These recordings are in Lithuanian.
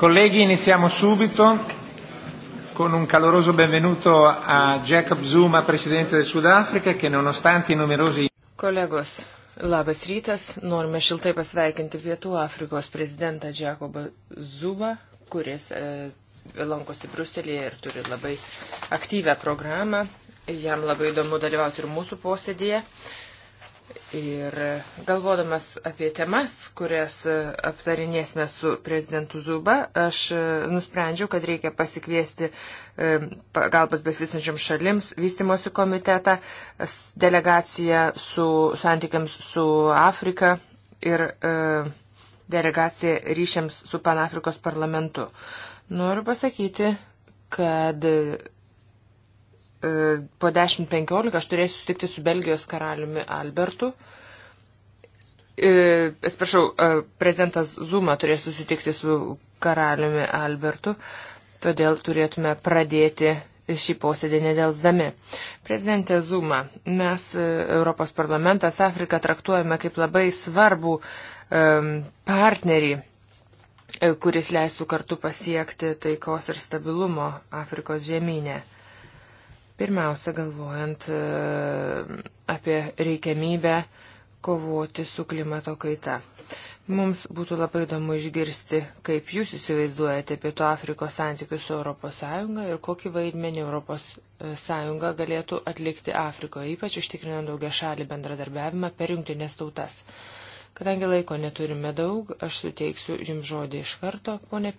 Colleghi, iniziamo subito con un caloroso benvenuto a Jacob Zuma, Presidente del Sudafrica, che nonostante i numerosi. Kolegos, labas rytas. Norime šiltai pasveikinti Pietų Afrikos prezidentą Jacobą Zubą, kuris e, lankosi Bruselėje ir turi labai aktyvę programą. Jam labai įdomu dalyvauti ir mūsų posėdėje. E, Ir galvodamas apie temas, kurias aptarinėsime su prezidentu Zuba, aš nusprendžiau, kad reikia pasikviesti e, pagalbos besisančiam šalims vystimosi komitetą, delegaciją su santykiams su Afrika ir e, delegaciją ryšiams su Panafrikos parlamentu. Noriu pasakyti, kad E, po 10.15 aš turėsiu sutikti su Belgijos karaliumi Albertu. E, atsiprašau, e, prezidentas Zuma turės susitikti su karaliumi Albertu, todėl turėtume pradėti šį posėdį nedelsdami. Prezidentė Zuma, mes Europos parlamentas Afriką traktuojame kaip labai svarbų partnerį kuris leistų kartu pasiekti taikos ir stabilumo Afrikos žemynė. Pirmiausia, galvojant e, apie reikiamybę kovoti su klimato kaita. Mums būtų labai įdomu išgirsti, kaip jūs įsivaizduojate Pietų Afrikos santykius su ES ir kokį vaidmenį ES e, galėtų atlikti Afrikoje, ypač užtikrinant daugia šalį bendradarbiavimą per jungtinės tautas. Kadangi laiko neturime daug, aš suteiksiu jums žodį iš karto, ponė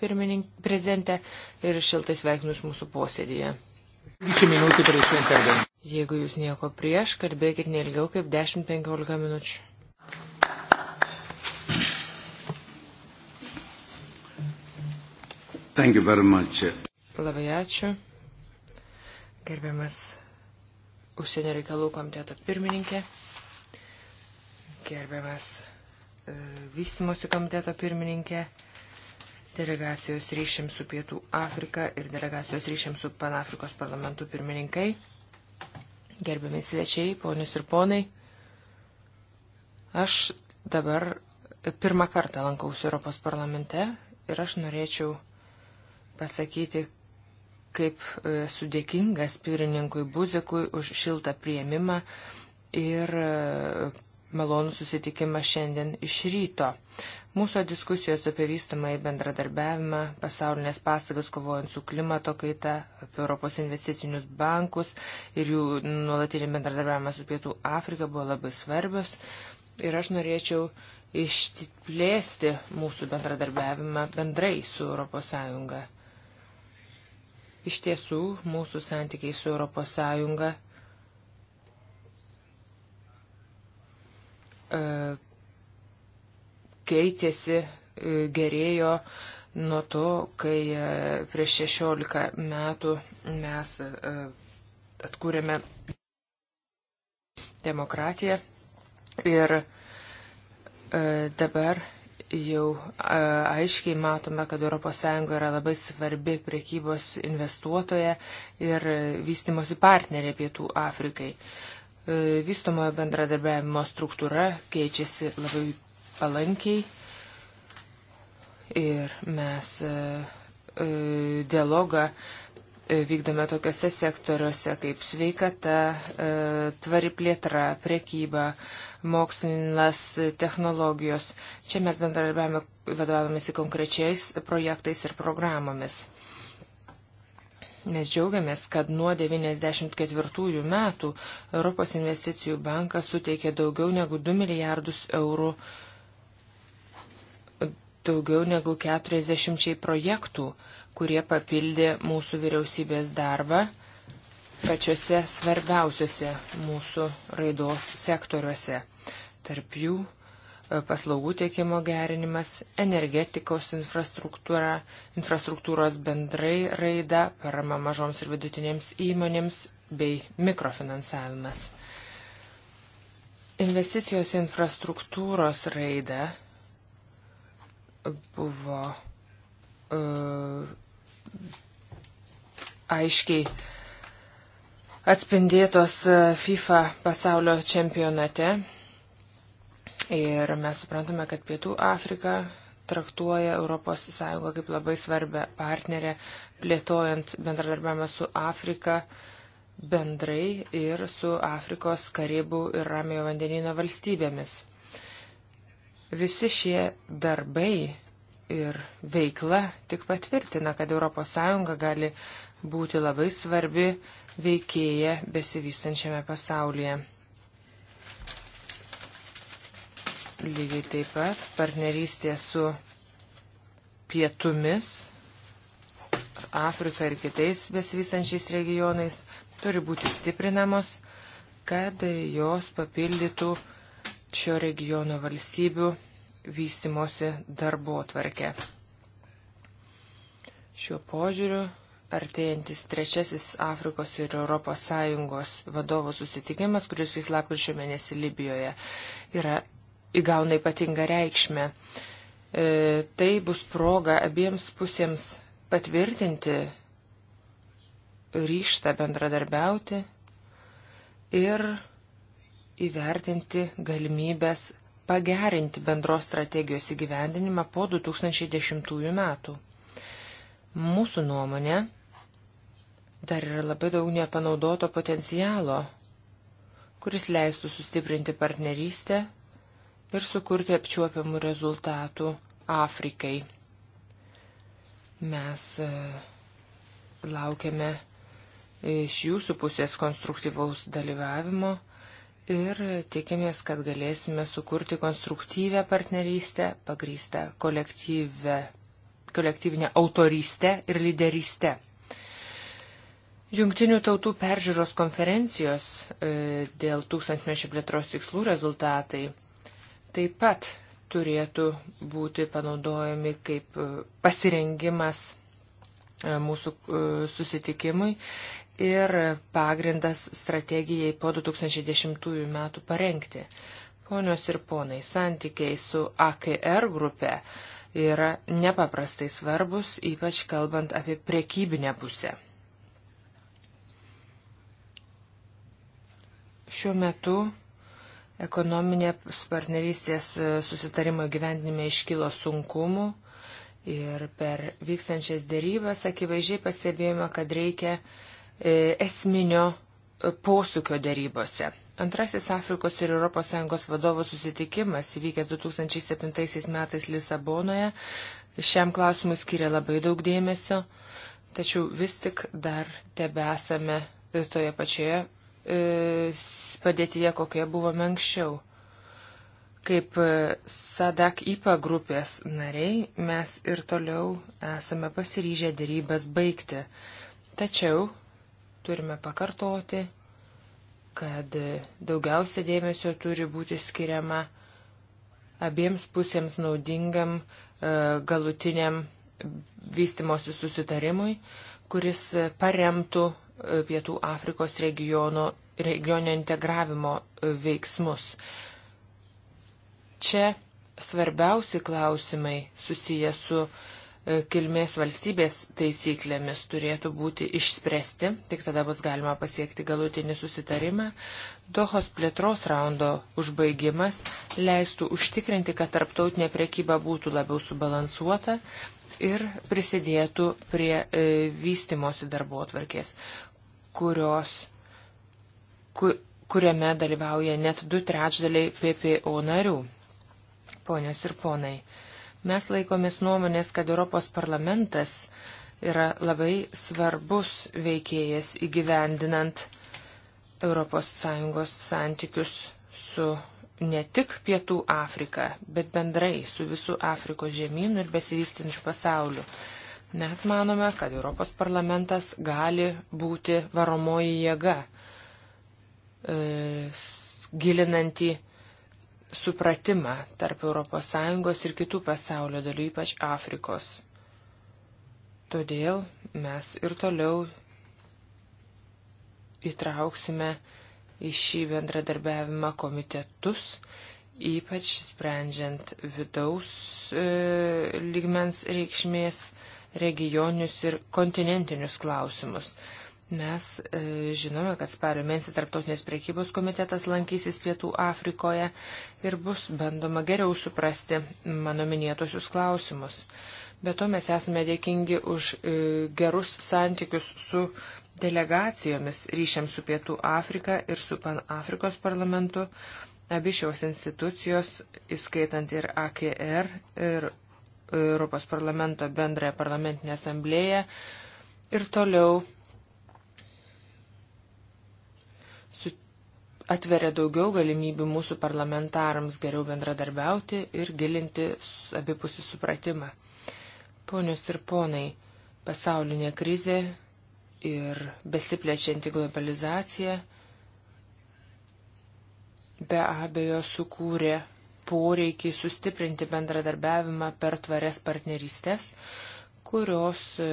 prezidente, ir šiltai sveikinus mūsų posėdėje. Jeigu jūs nieko prieš, kalbėkit neilgiau kaip 10-15 minučių. Labai ačiū. Gerbiamas užsienio reikalų komiteto pirmininkė, gerbiamas e, vystimosi komiteto pirmininkė delegacijos ryšiam su Pietų Afrika ir delegacijos ryšiam su Panafrikos parlamentų pirmininkai, gerbiami svečiai, ponius ir ponai. Aš dabar pirmą kartą lankausi Europos parlamente ir aš norėčiau pasakyti, kaip e, esu dėkingas pirmininkui Buzikui už šiltą prieimimą ir e, malonų susitikimą šiandien iš ryto. Mūsų diskusijos apie vystamą į bendradarbiavimą, pasaulinės pasagas kovojant su klimato kaita, apie Europos investicinius bankus ir jų nuolatinį bendradarbiavimą su Pietų Afrika buvo labai svarbios. Ir aš norėčiau išplėsti mūsų bendradarbiavimą bendrai su ES. Iš tiesų, mūsų santykiai su ES E, keitėsi, e, gerėjo nuo to, kai e, prieš 16 metų mes atkūrėme demokratiją ir dabar jau aiškiai matome, kad ES yra labai svarbi priekybos investuotoja ir vystimosi partnerė Pietų Afrikai. E, vystomojo bendradarbiavimo struktūra keičiasi labai palankiai ir mes e, e, dialogą vykdome tokiuose sektoriuose kaip sveikata, tvari plėtra, prekyba, mokslinas, technologijos. Čia mes bendradarbiavame vadovavomės į konkrečiais projektais ir programomis. Mes džiaugiamės, kad nuo 1994 metų Europos investicijų bankas suteikė daugiau negu 2 milijardus eurų, daugiau negu 40 projektų, kurie papildė mūsų vyriausybės darbą pačiuose svarbiausiuose mūsų raidos sektoriuose. Tarp jų paslaugų tiekimo gerinimas, energetikos infrastruktūra, infrastruktūros bendrai raida, parama mažoms ir vidutinėms įmonėms bei mikrofinansavimas. Investicijos infrastruktūros raida buvo uh, aiškiai atspindėtos e, FIFA pasaulio čempionate Ir mes suprantame, kad Pietų Afrika traktuoja ES kaip labai svarbę partnerę, plėtojant bendradarbiavimą su Afrika bendrai ir su Afrikos, Karibų ir Ramiojo vandenino valstybėmis. Visi šie darbai ir veikla tik patvirtina, kad ES gali būti labai svarbi veikėja besivystančiame pasaulyje. Lygiai taip pat partnerystė su pietumis, Afrika ir kitais besivysančiais regionais turi būti stiprinamos, kad jos papildytų šio regiono valstybių vystimosi darbo tvarkę. Šiuo požiūriu artėjantis trečiasis Afrikos ir ES vadovų susitikimas, kuris vis lapkričio mėnesį Libijoje, yra įgauna ypatingą reikšmę. E, tai bus proga abiems pusėms patvirtinti ryštą bendradarbiauti ir įvertinti galimybės pagerinti bendros strategijos įgyvendinimą po 2010 metų. Mūsų nuomonė, dar yra labai daug nepanaudoto potencialo, kuris leistų sustiprinti partnerystę ir sukurti apčiuopiamų rezultatų Afrikai. Mes e, laukiame iš jūsų pusės konstruktyvaus dalyvavimo ir tikimės, kad galėsime sukurti konstruktyvę partnerystę, pagrystę kolektyvę, kolektyvinę autorystę ir lyderystę. Jungtinių tautų peržiūros konferencijos e, dėl tūkstantmečio plėtros tikslų rezultatai taip pat turėtų būti panaudojami kaip e, pasirengimas e, mūsų e, susitikimui ir pagrindas strategijai po 2010 metų parengti. Ponios ir ponai, santykiai su AKR grupė yra nepaprastai svarbus, ypač kalbant apie priekybinę pusę. Šiuo metu Ekonominės partnerystės e, susitarimo gyvendinime iškilo sunkumų ir per vykstančias dėrybas akivaizdžiai pastebėjome, kad reikia e, esminio e, posūkio dėrybose. Antrasis Afrikos ir ES vadovų susitikimas įvykęs 2007 metais Lisabonoje šiam klausimui skiria labai daug dėmesio, tačiau vis tik dar tebesame toje pačioje E, padėtyje, kokie buvome anksčiau. Kaip e, SADAK IPA grupės nariai mes ir toliau esame pasiryžę dėrybas baigti. Tačiau turime pakartoti, kad daugiausia dėmesio turi būti skiriama abiems pusėms naudingam e, galutiniam vystimosi susitarimui, kuris paremtų Pietų Afrikos regiono, regionio integravimo veiksmus. Čia svarbiausi klausimai susiję su e, kilmės valstybės taisyklėmis turėtų būti išspręsti, tik tada bus galima pasiekti galutinį susitarimą. Dohos plėtros raundo užbaigimas leistų užtikrinti, kad tarptautinė priekyba būtų labiau subalansuota ir prisidėtų prie e, vystimosi darbo atvarkės kurios, ku, kuriame dalyvauja net du trečdaliai PPO narių. Ponios ir ponai, mes laikomės nuomonės, kad Europos parlamentas yra labai svarbus veikėjas įgyvendinant ES santykius su ne tik Pietų Afrika, bet bendrai su visų Afrikos žemynų ir besivystančių pasauliu. Mes manome, kad Europos parlamentas gali būti varomoji jėga, e, gilinanti supratimą tarp ES ir kitų pasaulio dalių, ypač Afrikos. Todėl mes ir toliau įtrauksime į šį bendradarbiavimą komitetus, ypač sprendžiant vidaus e, lygmens reikšmės regioninius ir kontinentinius klausimus. Mes e, žinome, kad spalio mėnesį Tarptautinės priekybos komitetas lankysis Pietų Afrikoje ir bus bandoma geriau suprasti mano minėtosius klausimus. Be to mes esame dėkingi už e, gerus santykius su delegacijomis ryšiams su Pietų Afrika ir su Pan-Afrikos parlamentu. Abi šios institucijos, įskaitant ir AKR ir Europos parlamento bendrąją parlamentinę asamblėją ir toliau atveria daugiau galimybių mūsų parlamentarams geriau bendradarbiauti ir gilinti abipusį supratimą. Ponios ir ponai, pasaulinė krizė ir besiplečianti globalizacija be abejo sukūrė poreikį sustiprinti bendradarbiavimą per tvarias partnerystės, kurios e,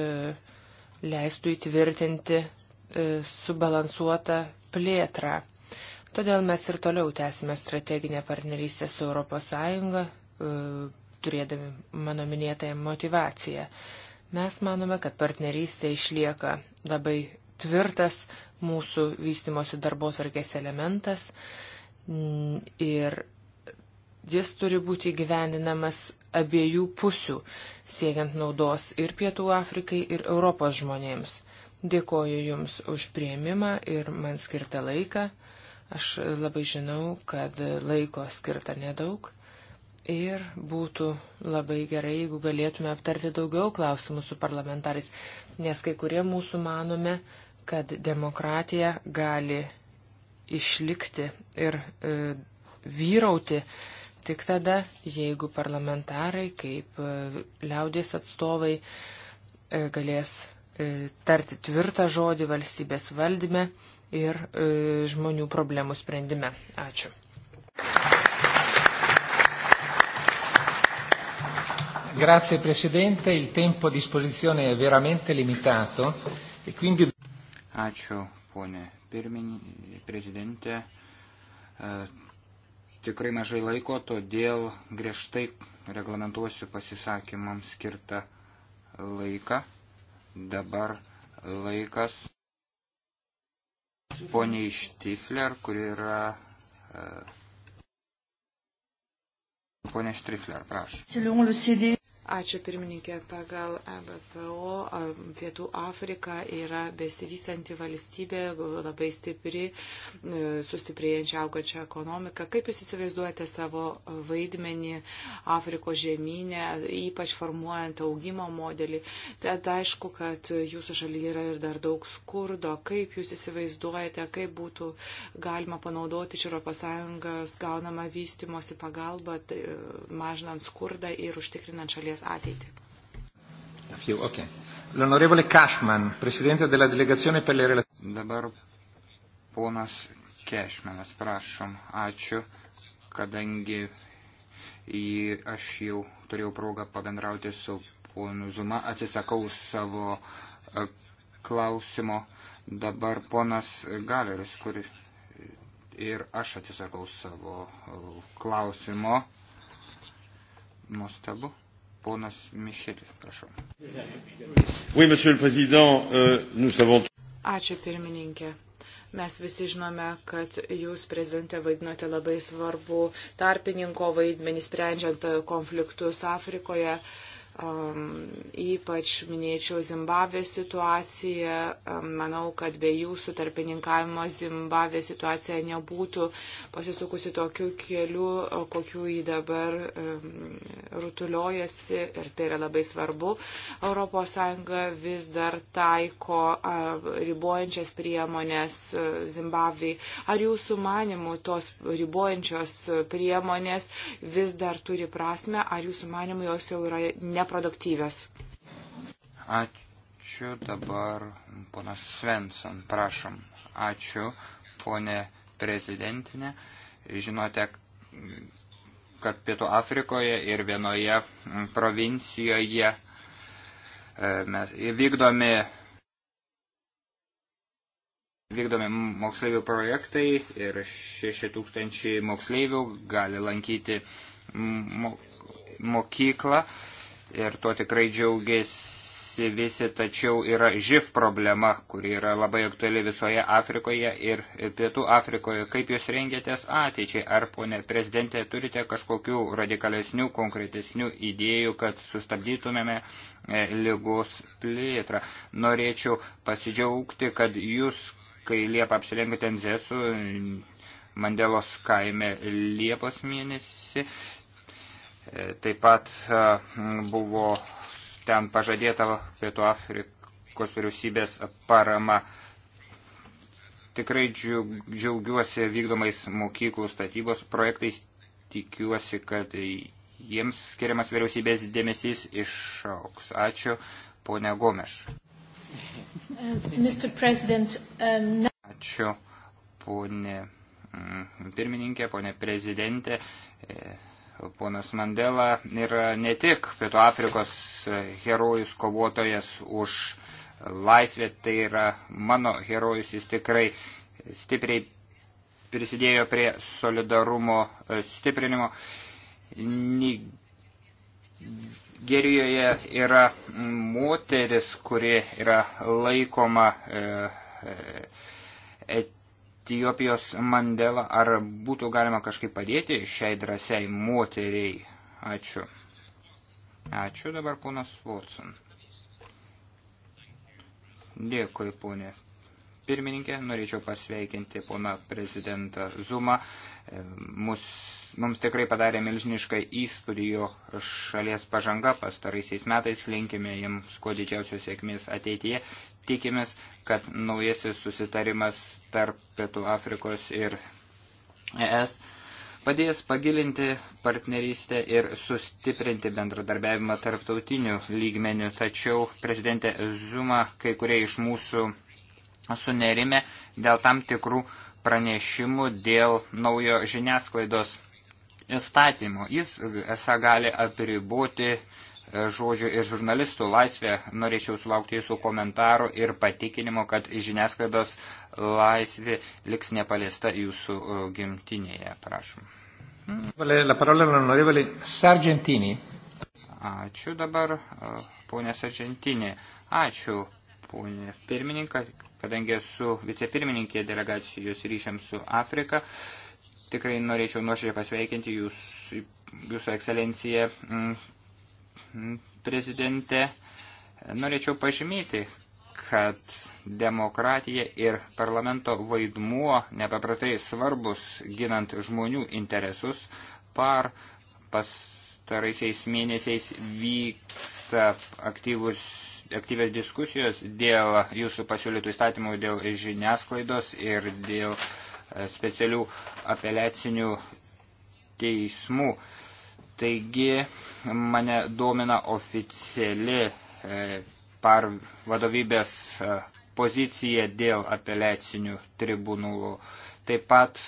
leistų įtvirtinti e, subalansuotą plėtrą. Todėl mes ir toliau tęsime strateginę partnerystę su ES, e, turėdami mano minėtąją motivaciją. Mes manome, kad partnerystė išlieka labai tvirtas mūsų vystimosi darbo tvarkės elementas ir Jis turi būti gyveninamas abiejų pusių, siekiant naudos ir Pietų Afrikai, ir Europos žmonėms. Dėkoju Jums už prieimimą ir man skirtą laiką. Aš labai žinau, kad laiko skirta nedaug ir būtų labai gerai, jeigu galėtume aptarti daugiau klausimų su parlamentarais, nes kai kurie mūsų manome, kad demokratija gali išlikti ir e, vyrauti tik tada, jeigu parlamentarai kaip e, liaudės atstovai e, galės e, tarti tvirtą žodį valstybės valdyme ir žmonių problemų sprendime. Ačiū. Grazie Presidente, il tempo a disposizione è veramente limitato e quindi... Ačiū, ponė pirminė, prezidentė. Uh, tikrai mažai laiko, todėl griežtai reglamentuosiu pasisakymams skirtą laiką. Dabar laikas poniai Štifler, kuri yra. E, Pone Štrifler, prašau. Ačiū pirmininkė. Pagal e BPO Pietų Afrika yra besivystanti valstybė, labai stipri, e, sustiprėjančia augančia ekonomika. Kaip Jūs įsivaizduojate savo vaidmenį Afrikos žemynė, ypač formuojant augimo modelį? Tad aišku, kad Jūsų šalyje yra ir dar daug skurdo. Kaip Jūs įsivaizduojate, kaip būtų galima panaudoti iš ES gaunamą vystimosi pagalbą, e, mažinant skurdą ir užtikrinant šalies šalies ateitį. Okay. L'onorevole Cashman, presidente della delegazione per le relazioni. Dabar ponas Kešmenas, prašom, ačiū, kadangi jį aš jau turėjau progą pabendrauti su ponu Zuma, atsisakau savo e, klausimo, dabar ponas Galeris, kuris ir aš atsisakau savo e, klausimo. Nuostabu. Ponas Mišelis, prašau. Oui, monsieur le président, euh, nous savons. Ačiū pirmininkė. Mes visi žinome, kad jūs prezidente vaidinote labai svarbu tarpininko vaidmenį sprendžiant konfliktus Afrikoje. Uh, Um, ypač minėčiau Zimbabvės situaciją. Um, manau, kad be jūsų tarpininkavimo Zimbabvės situacija nebūtų pasisukusi tokiu keliu, kokiu jį dabar um, rutuliojasi. Ir tai yra labai svarbu. ES vis dar taiko uh, ribojančias priemonės uh, Zimbabvėje. Ar jūsų manimų tos ribojančios priemonės vis dar turi prasme? Ar jūsų manimų jos jau yra ne? produktyvios. Ačiū dabar, ponas Svensson, prašom. Ačiū, ponė prezidentinė. Žinote, kad Pietų Afrikoje ir vienoje provincijoje e, mes vykdomi, vykdomi moksleivių projektai ir 6000 moksleivių gali lankyti mokyklą ir tuo tikrai džiaugiasi visi, tačiau yra živ problema, kuri yra labai aktuali visoje Afrikoje ir Pietų Afrikoje. Kaip jūs rengėtės ateičiai? Ar, ponė prezidentė, turite kažkokių radikalesnių, konkretesnių idėjų, kad sustabdytumėme e, lygos plėtrą? Norėčiau pasidžiaugti, kad jūs, kai Liepą apsirengiate Nzesu, Mandelos kaime Liepos mėnesį. Taip pat e, buvo ten pažadėta Pietų Afrikos vyriausybės parama. Tikrai džiaugiuosi vykdomais mokyklų statybos projektais. Tikiuosi, kad jiems skiriamas vyriausybės dėmesys išauks. Ačiū, ponia Gomeš. Uh, um, Ačiū, ponė mm, pirmininkė, ponė prezidentė. E, Ponas Mandela yra ne tik Pietų Afrikos herojus, kovotojas už laisvę, tai yra mano herojus, jis tikrai stipriai prisidėjo prie solidarumo e, stiprinimo. Nigerijoje yra moteris, kuri yra laikoma e, e, Etijopijos Mandela. Ar būtų galima kažkaip padėti šiai drąsiai moteriai? Ačiū. Ačiū dabar ponas Watson. Dėkui, ponė pirmininkė. Norėčiau pasveikinti poną prezidentą Zumą. E, mus, mums tikrai padarė milžinišką įspūdį jo šalies pažanga pastaraisiais metais. Linkime jiems kuo didžiausios sėkmės ateityje. Tikimės, kad naujasis susitarimas tarp Pietų Afrikos ir ES padės pagilinti partnerystę ir sustiprinti bendradarbiavimą tarptautinių lygmenių. Tačiau prezidentė Zuma, kai kurie iš mūsų sunerime dėl tam tikrų pranešimų dėl naujo žiniasklaidos įstatymų. Jis esą gali apriboti e, žodžių ir žurnalistų laisvę. Norėčiau sulaukti jūsų komentarų ir patikinimo, kad žiniasklaidos laisvė liks nepaliesta jūsų e, gimtinėje. Prašom. La parola all'onorevole Sargentini. Ačiū dabar, e, ponė Sargentini. Ačiū, ponė pirmininką, kadangi esu vicepirmininkė delegacijos ryšiams su Afrika, tikrai norėčiau nuoširdžiai pasveikinti jūs, jūsų ekscelenciją mm, prezidente. Norėčiau pažymėti, kad demokratija ir parlamento vaidmuo nepaprastai svarbus ginant žmonių interesus par pastaraisiais mėnesiais vyksta aktyvus aktyvės diskusijos dėl jūsų pasiūlytų įstatymų, dėl žiniasklaidos ir dėl e, specialių apeliacinių teismų. Taigi mane domina oficiali e, par vadovybės e, poziciją dėl apeliacinių tribunų. Taip pat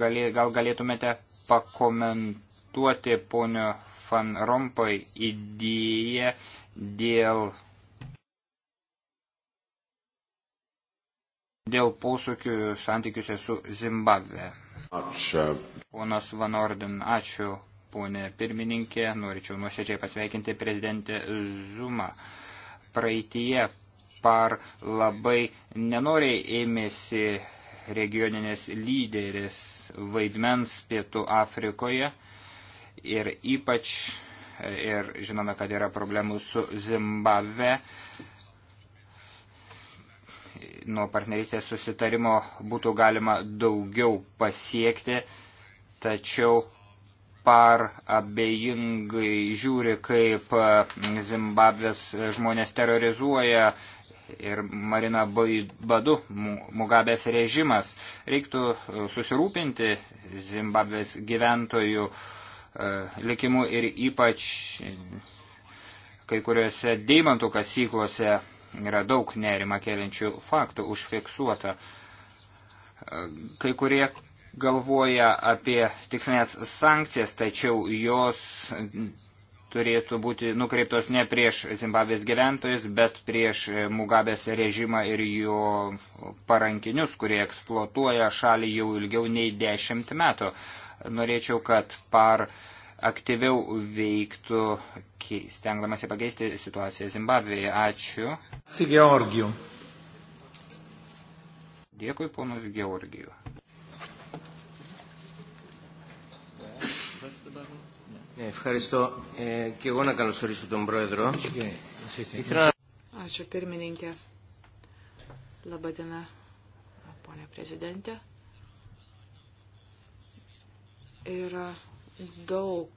gal galėtumėte pakomentuoti ponio Van Rompuy idėja dėl, dėl posūkių santykiuose su Zimbabve. Ačiū. Ponas Van Orden, ačiū, ponė pirmininkė. Norėčiau nuoširdžiai pasveikinti prezidentę Zumą. Praeitie par labai nenoriai ėmėsi regioninės lyderis vaidmens Pietų Afrikoje – ir ypač ir žinome, kad yra problemų su Zimbabve. Nuo partnerystės susitarimo būtų galima daugiau pasiekti, tačiau par abejingai žiūri, kaip Zimbabvės žmonės terrorizuoja ir Marina Badu Mugabės režimas. Reiktų susirūpinti Zimbabvės gyventojų uh, E, likimu ir ypač kai kuriuose deimantų kasyklose yra daug nerima keliančių faktų užfiksuota. E, kai kurie galvoja apie tikslinės sankcijas, tačiau jos turėtų būti nukreiptos ne prieš Zimbabvės gyventojus, bet prieš Mugabės režimą ir jo parankinius, kurie eksploatuoja šalį jau ilgiau nei dešimt metų norėčiau, kad par aktyviau veiktų, stengdamasi pakeisti situaciją Zimbabvėje. Ačiū. Si Georgijų. Dėkui, ponas Georgijų. Ευχαριστώ. Ε, και εγώ να καλωσορίσω τον Πρόεδρο. Ήθελα... Ačiū pirmininkė. Labadiena, ponė prezidentė. Yra daug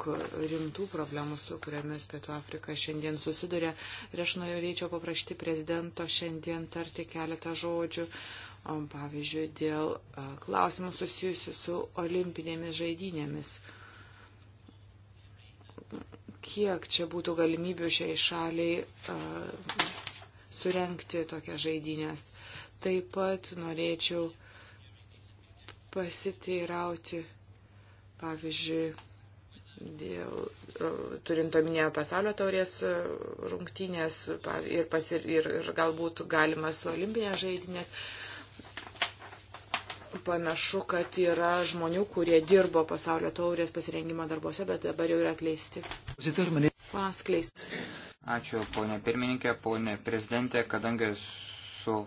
rimtų problemų, su kuriamis Pietų Afrika šiandien susiduria. Ir aš norėčiau paprašyti prezidento šiandien tarti keletą žodžių, pavyzdžiui, dėl klausimų susijusių su olimpinėmis žaidynėmis. Kiek čia būtų galimybių šiai šaliai uh, surenkti tokias žaidynės. Taip pat norėčiau pasiteirauti Pavyzdžiui, dėl, turint omenyje pasaulio taurės e, rungtynės ir, pasir, ir, ir galbūt galima su olimpinės žaidinės. Panašu, kad yra žmonių, kurie dirbo pasaulio taurės pasirengimo darbuose, bet dabar jau yra atleisti. Paskleist. Ačiū, ponė pirmininkė, ponė prezidentė, kadangi esu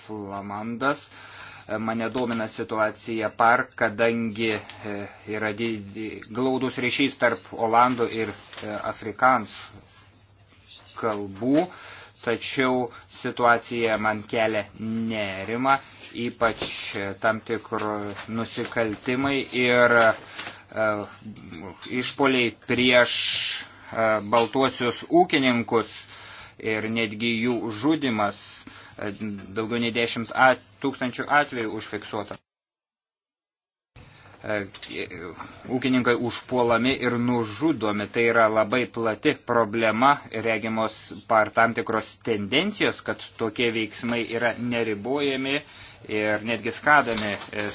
flamandas. Uh, Mane domina situacija par, kadangi e, yra glaudus ryšys tarp Olandų ir e, Afrikans kalbų, tačiau situacija man kelia nerima, ypač e, tam tikro nusikaltimai ir išpoliai prieš baltuosius ūkininkus ir netgi jų žudimas daugiau nei 10 at, tūkstančių atvejų užfiksuota. E, e, ūkininkai užpuolami ir nužudomi. Tai yra labai plati problema, regimos par tam tikros tendencijos, kad tokie veiksmai yra neribojami ir netgi skadami. E,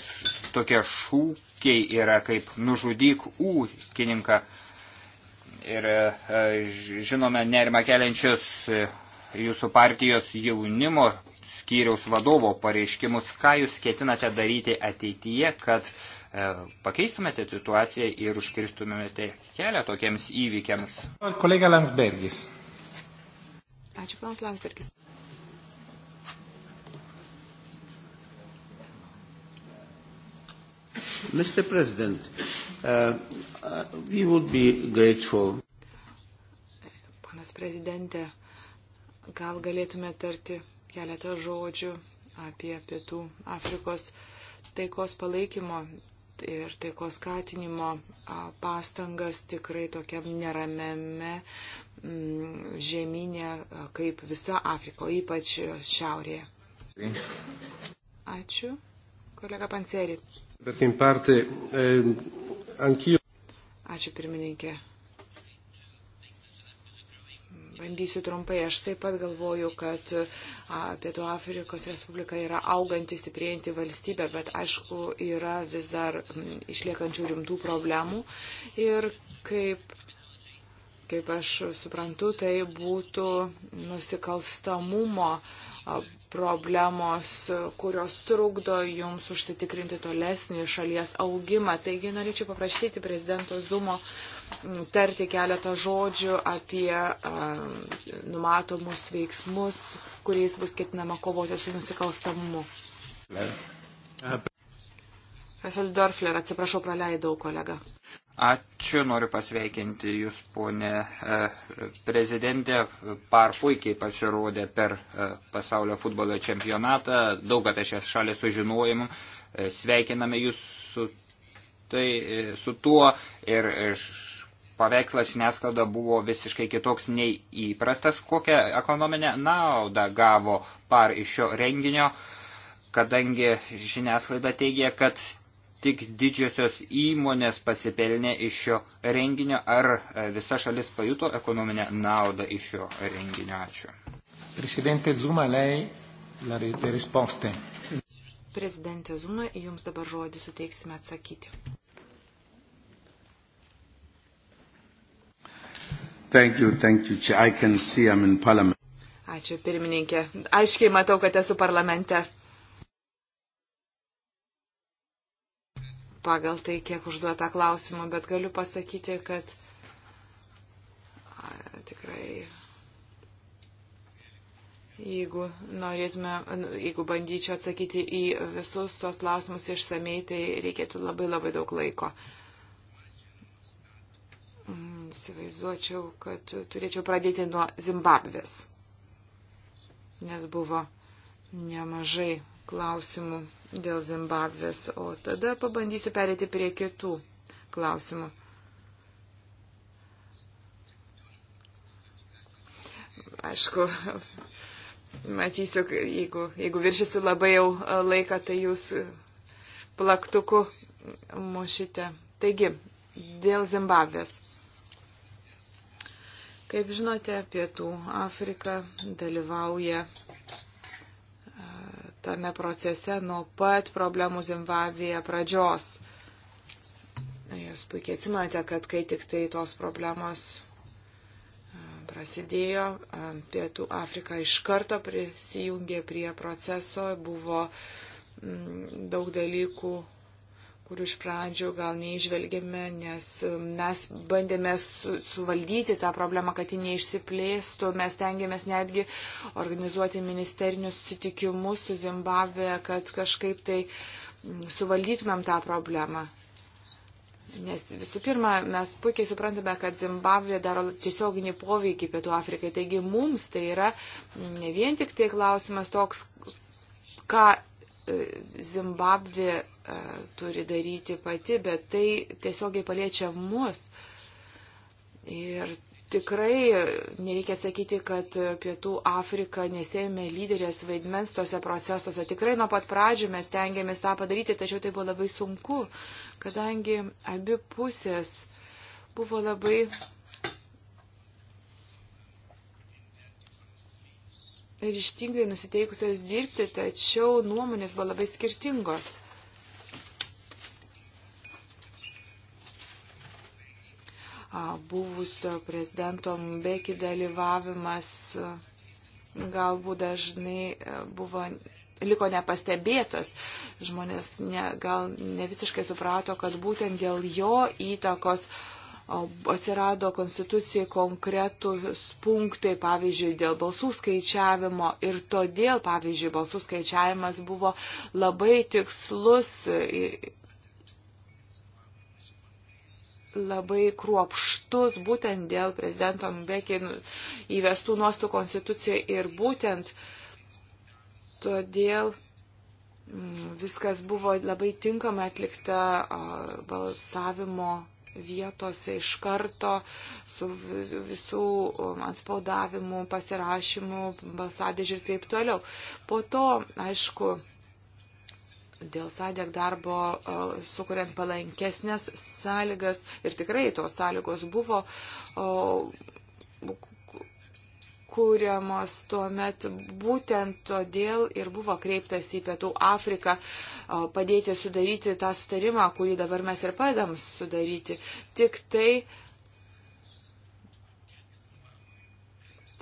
tokie šūkiai yra kaip nužudyk ūkininką. Ir žinome nerima keliančius jūsų partijos jaunimo skyriaus vadovo pareiškimus, ką jūs ketinate daryti ateityje, kad e, pakeistumėte situaciją ir užkirstumėte kelią tokiems įvykiams. Kolega Landsbergis. Ačiū, panas Landsbergis. Mr. President, uh, uh, we would be grateful. Panas prezidente, uh, Gal galėtume tarti keletą žodžių apie Pietų Afrikos taikos palaikymo ir taikos skatinimo pastangas tikrai tokiam neramiame mm, žemynė kaip visa Afriko, ypač šiaurėje. Ačiū, kolega Panseri. Eh, Ačiū pirmininkė. Bandysiu trumpai. Aš taip pat galvoju, kad Pietų Afrikos Respublika yra auganti, stiprėjanti valstybė, bet aišku, yra vis dar išliekančių rimtų problemų. Ir kaip kaip aš suprantu, tai būtų nusikalstamumo problemos, kurios trukdo jums užsitikrinti tolesnį šalies augimą. Taigi norėčiau paprašyti prezidento Zumo tarti keletą žodžių apie um, numatomus veiksmus, kuriais bus ketinama kovoti su nusikalstamumu. Esu Dorfler, atsiprašau, praleidau kolegą. Ačiū, noriu pasveikinti Jūs, ponė e, prezidentė. Par puikiai pasirodė per e, pasaulio futbolo čempionatą. Daug apie šią šalį sužinojom. E, sveikiname Jūs su, tai, su tuo ir paveikslas žiniasklaida buvo visiškai kitoks nei įprastas. Kokią ekonominę naudą gavo par iš šio renginio, kadangi žiniasklaida teigia, kad tik didžiosios įmonės pasipelnė iš šio renginio, ar visa šalis pajuto ekonominę naudą iš šio renginio. Ačiū. Presidente Zuma, lei la risposte. Prezidentė Zuma, jums dabar žodį suteiksime atsakyti. Thank you, thank you. I can see I'm in parliament. Ačiū pirmininkė. Aiškiai matau, kad esu parlamente. Pagal tai, kiek užduota klausimų, bet galiu pasakyti, kad A, tikrai Jeigu norėtume, jeigu bandyčiau atsakyti į visus tuos klausimus išsamei, tai reikėtų labai labai daug laiko įsivaizduočiau, kad turėčiau pradėti nuo Zimbabvės, nes buvo nemažai klausimų dėl Zimbabvės, o tada pabandysiu perėti prie kitų klausimų. Aišku, matysiu, jeigu, jeigu viršysiu labai jau laiką, tai jūs plaktuku mušite. Taigi, dėl Zimbabvės. Kaip žinote, Pietų Afrika dalyvauja e, tame procese nuo pat problemų Zimbabvėje pradžios. Jūs puikiai atsimate, kad kai tik tai tos problemos e, prasidėjo, e, Pietų Afrika iš karto prisijungė prie proceso, buvo daug dalykų kur iš pradžių gal neižvelgėme, nes um, mes bandėme su, suvaldyti tą problemą, kad ji neišsiplėstų. Mes tengiamės netgi organizuoti ministerinius sutikimus su Zimbabvė, kad kažkaip tai um, suvaldytumėm tą problemą. Nes visų pirma, mes puikiai suprantame, kad Zimbabvė daro tiesioginį poveikį Pietų Afrikai. Taigi mums tai yra mm, ne vien tik tai klausimas toks, ką Zimbabvė e, turi daryti pati, bet tai tiesiogiai paliečia mus. Ir tikrai nereikia sakyti, kad Pietų Afrika nesėmė lyderės vaidmens tose procesuose. Tikrai nuo pat pradžių mes tengiamės tą padaryti, tačiau tai buvo labai sunku, kadangi abi pusės buvo labai ryštingai nusiteikusios dirbti, tačiau nuomonės buvo labai skirtingos. Buvusio prezidento Mbeki dalyvavimas galbūt dažnai buvo, liko nepastebėtas. Žmonės ne, gal ne visiškai suprato, kad būtent dėl jo įtakos uh, atsirado konstitucijai konkretus punktai, pavyzdžiui, dėl balsų skaičiavimo ir todėl, pavyzdžiui, balsų skaičiavimas buvo labai tikslus, labai kruopštus būtent dėl prezidento Mbeki įvestų nuostų konstitucijai ir būtent todėl mm, viskas buvo labai tinkamai atlikta balsavimo vietose iš karto su visų um, atspaudavimu, pasirašymu, balsadėžiu ir taip toliau. Po to, aišku, dėl sadėk darbo uh, sukuriant palankesnės sąlygas ir tikrai tos sąlygos buvo uh, kūriamos tuo metu. Būtent todėl ir buvo kreiptas į Pietų Afriką padėti sudaryti tą sutarimą, kurį dabar mes ir padam sudaryti. Tik tai uh,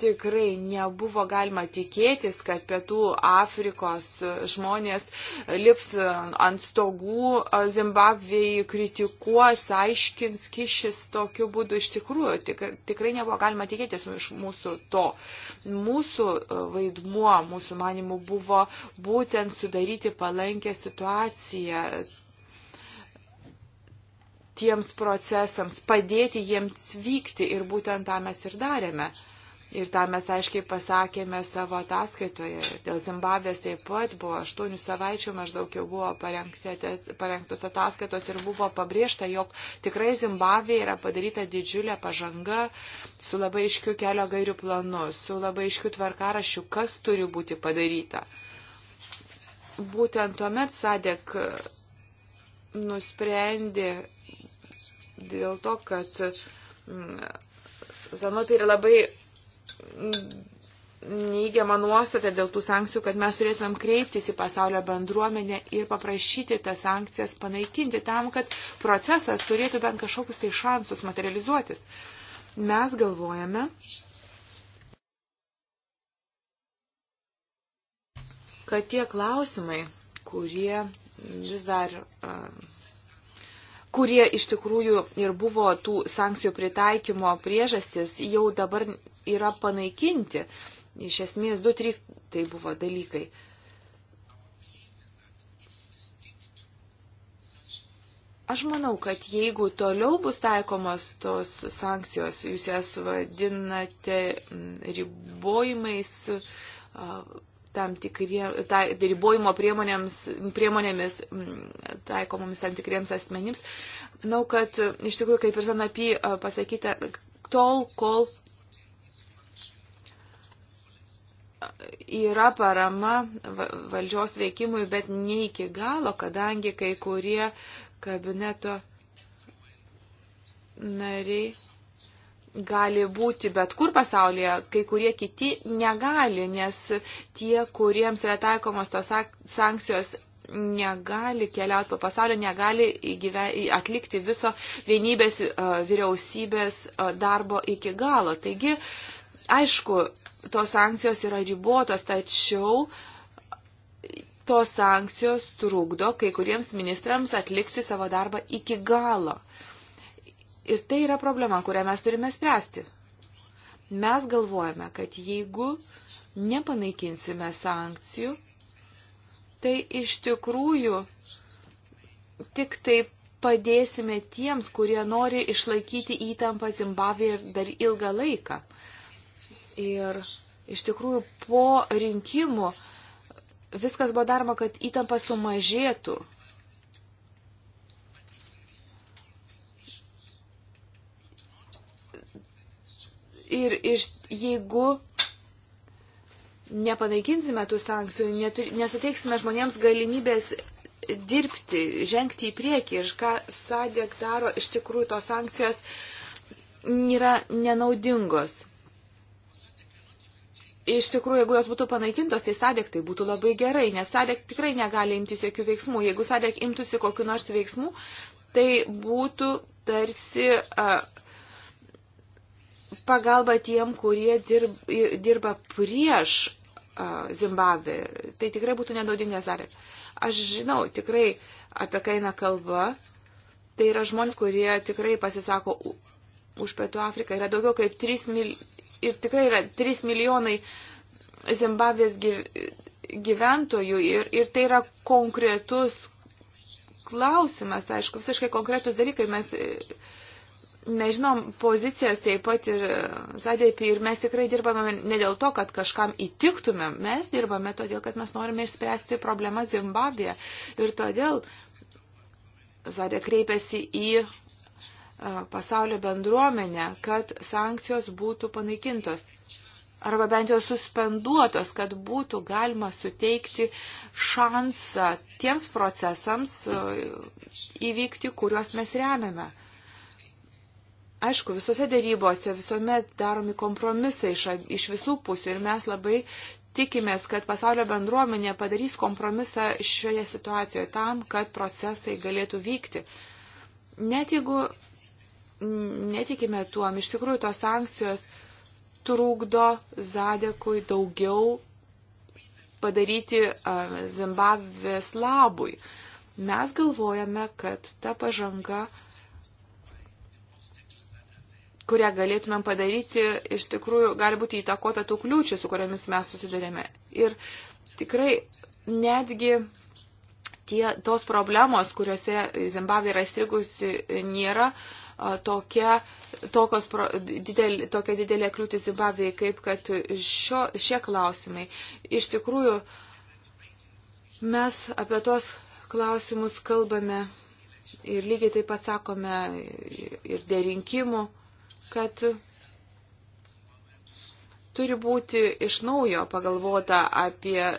tikrai nebuvo galima tikėtis, kad pietų Afrikos žmonės lips ant stogų Zimbabvėjai, kritikuos, aiškins, kišis tokiu būdu. Iš tikrųjų, tik, tikrai nebuvo galima tikėtis iš mūsų to. Mūsų vaidmuo, mūsų manimų, buvo būtent sudaryti palankę situaciją tiems procesams, padėti jiems vykti ir būtent tą mes ir darėme. Uh, Ir tą mes aiškiai pasakėme savo ataskaitoje. Dėl Zimbabvės taip pat buvo aštuonių savaičių maždaug jau buvo parengtos ataskaitos ir buvo pabrėžta, jog tikrai Zimbabvėje yra padaryta didžiulė pažanga su labai iškiu kelio gairių planu, su labai iškiu tvarkarašiu, kas turi būti padaryta. Būtent tuomet Sadek nusprendė dėl to, kad mm, Zanopi yra labai neįgiamą nuostatą dėl tų sankcijų, kad mes turėtumėm kreiptis į pasaulio bendruomenę ir paprašyti tas sankcijas panaikinti tam, kad procesas turėtų bent kažkokius tai šansus materializuotis. Mes galvojame, kad tie klausimai, kurie vis dar uh, kurie iš tikrųjų ir buvo tų sankcijų pritaikymo priežastis, jau dabar yra panaikinti. Iš esmės, 2-3 tai buvo dalykai. Aš manau, kad jeigu toliau bus taikomos tos sankcijos, jūs jas vadinate mm, ribojimais, tam tikrie, ta, ribojimo priemonėmis taikomomis tam tikriems asmenims. Manau, kad iš tikrųjų, kaip ir Zanapy pasakyta, tol, kol yra parama valdžios veikimui, bet ne iki galo, kadangi kai kurie kabineto nariai gali būti bet kur pasaulyje, kai kurie kiti negali, nes tie, kuriems yra taikomos tos sankcijos, negali keliauti po pasaulį, negali atlikti viso vienybės vyriausybės darbo iki galo. Taigi, aišku, tos sankcijos yra ribotos, tačiau tos sankcijos trukdo kai kuriems ministrams atlikti savo darbą iki galo. Ir tai yra problema, kurią mes turime spręsti. Mes galvojame, kad jeigu nepanaikinsime sankcijų, tai iš tikrųjų tik taip padėsime tiems, kurie nori išlaikyti įtampą Zimbabvėje dar ilgą laiką. Ir iš tikrųjų po rinkimų viskas buvo daroma, kad įtampa sumažėtų, Ir iš, jeigu nepanaikinsime tų sankcijų, netur, nesuteiksime žmonėms galimybės dirbti, žengti į priekį ir ką Sadek daro, iš tikrųjų tos sankcijos yra nenaudingos. Iš tikrųjų, jeigu jos būtų panaikintos, tai Sadek tai būtų labai gerai, nes Sadek tikrai negali imtis jokių veiksmų. Jeigu Sadek imtųsi kokiu nors veiksmu, tai būtų tarsi uh, pagalba tiem, kurie dirb, dirba prieš Zimbabvė. Tai tikrai būtų nenaudinga Zarek. Aš žinau tikrai, apie ką eina kalba. Tai yra žmonės, kurie tikrai pasisako už Pietų Afriką. Yra daugiau kaip 3 milijonai. Ir tikrai yra 3 milijonai Zimbabvės gyventojų. Ir, ir tai yra konkretus klausimas, aišku, visiškai konkretus dalykai. Mes Mes žinom pozicijas taip pat ir sadėpį e, ir mes tikrai dirbame ne dėl to, kad kažkam įtiktumėm, mes dirbame todėl, kad mes norime išspręsti problemą Zimbabvėje. Ir todėl sadė kreipiasi į e, pasaulio bendruomenę, kad sankcijos būtų panaikintos arba bent jau suspenduotos, kad būtų galima suteikti šansą tiems procesams e, įvykti, kuriuos mes remiame. Aišku, visose dėrybose visuomet daromi kompromisai iš, iš visų pusių ir mes labai tikimės, kad pasaulio bendruomenė padarys kompromisą šioje situacijoje tam, kad procesai galėtų vykti. Net jeigu netikime tuom, iš tikrųjų tos sankcijos trukdo Zadekui daugiau padaryti Zimbabvės labui. Mes galvojame, kad ta pažanga kurią galėtumėm padaryti, iš tikrųjų gali būti įtakota tų kliūčių, su kuriamis mes susidarėme. Ir tikrai netgi tie, tos problemos, kuriuose Zimbabvė yra įstrigusi, nėra tokia, tokios, didel, tokia didelė kliūtis Zimbabvėje, kaip kad šio, šie klausimai. Iš tikrųjų, mes apie tos klausimus kalbame ir lygiai taip pat sakome ir dėl rinkimų kad turi būti iš naujo pagalvota apie e,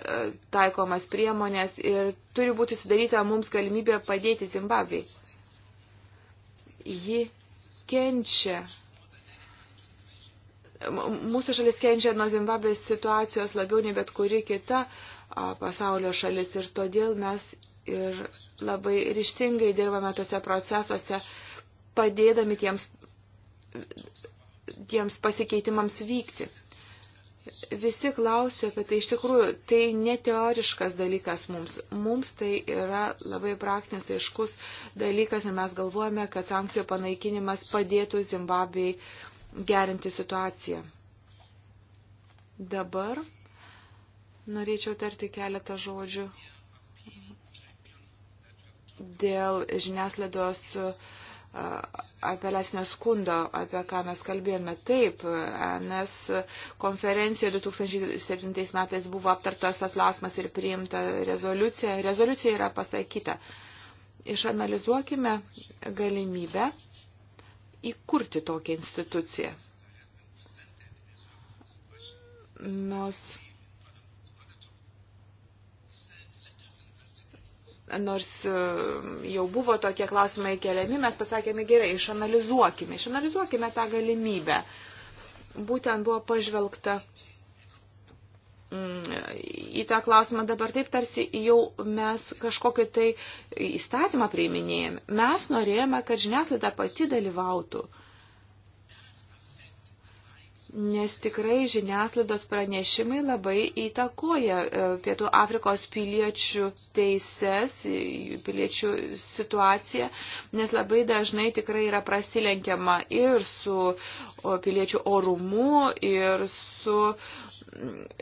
taikomas priemonės ir turi būti sudaryta mums galimybė padėti Zimbabvei. Ji kenčia. Mūsų šalis kenčia nuo Zimbabvės situacijos labiau nei bet kuri kita pasaulio šalis ir todėl mes ir labai ryštingai dirbame tose procesuose, padėdami tiems tiems pasikeitimams vykti. Visi klausiu apie tai, iš tikrųjų, tai neteoriškas dalykas mums. Mums tai yra labai praktinis, aiškus dalykas ir mes galvojame, kad sankcijų panaikinimas padėtų Zimbabvijai gerinti situaciją. Dabar norėčiau tarti keletą žodžių dėl žiniaslaidos uh, apeliacinio skundo, apie ką mes kalbėjome. Taip, nes konferencijoje 2007 metais buvo aptartas tas klausimas ir priimta rezoliucija. Rezoliucija yra pasakyta. Išanalizuokime galimybę įkurti tokią instituciją. Nors nors um, jau buvo tokie klausimai keliami, mes pasakėme gerai, išanalizuokime, išanalizuokime tą galimybę. Būtent buvo pažvelgta mm, į tą klausimą dabar taip tarsi jau mes kažkokį tai įstatymą prieiminėjame. Mes norėjome, kad žiniaslaida pati dalyvautų. Nes tikrai žiniasklaidos pranešimai labai įtakoja e, Pietų Afrikos piliečių teises, e, piliečių situaciją, nes labai dažnai tikrai yra prasilenkiama ir su piliečių orumu, ir su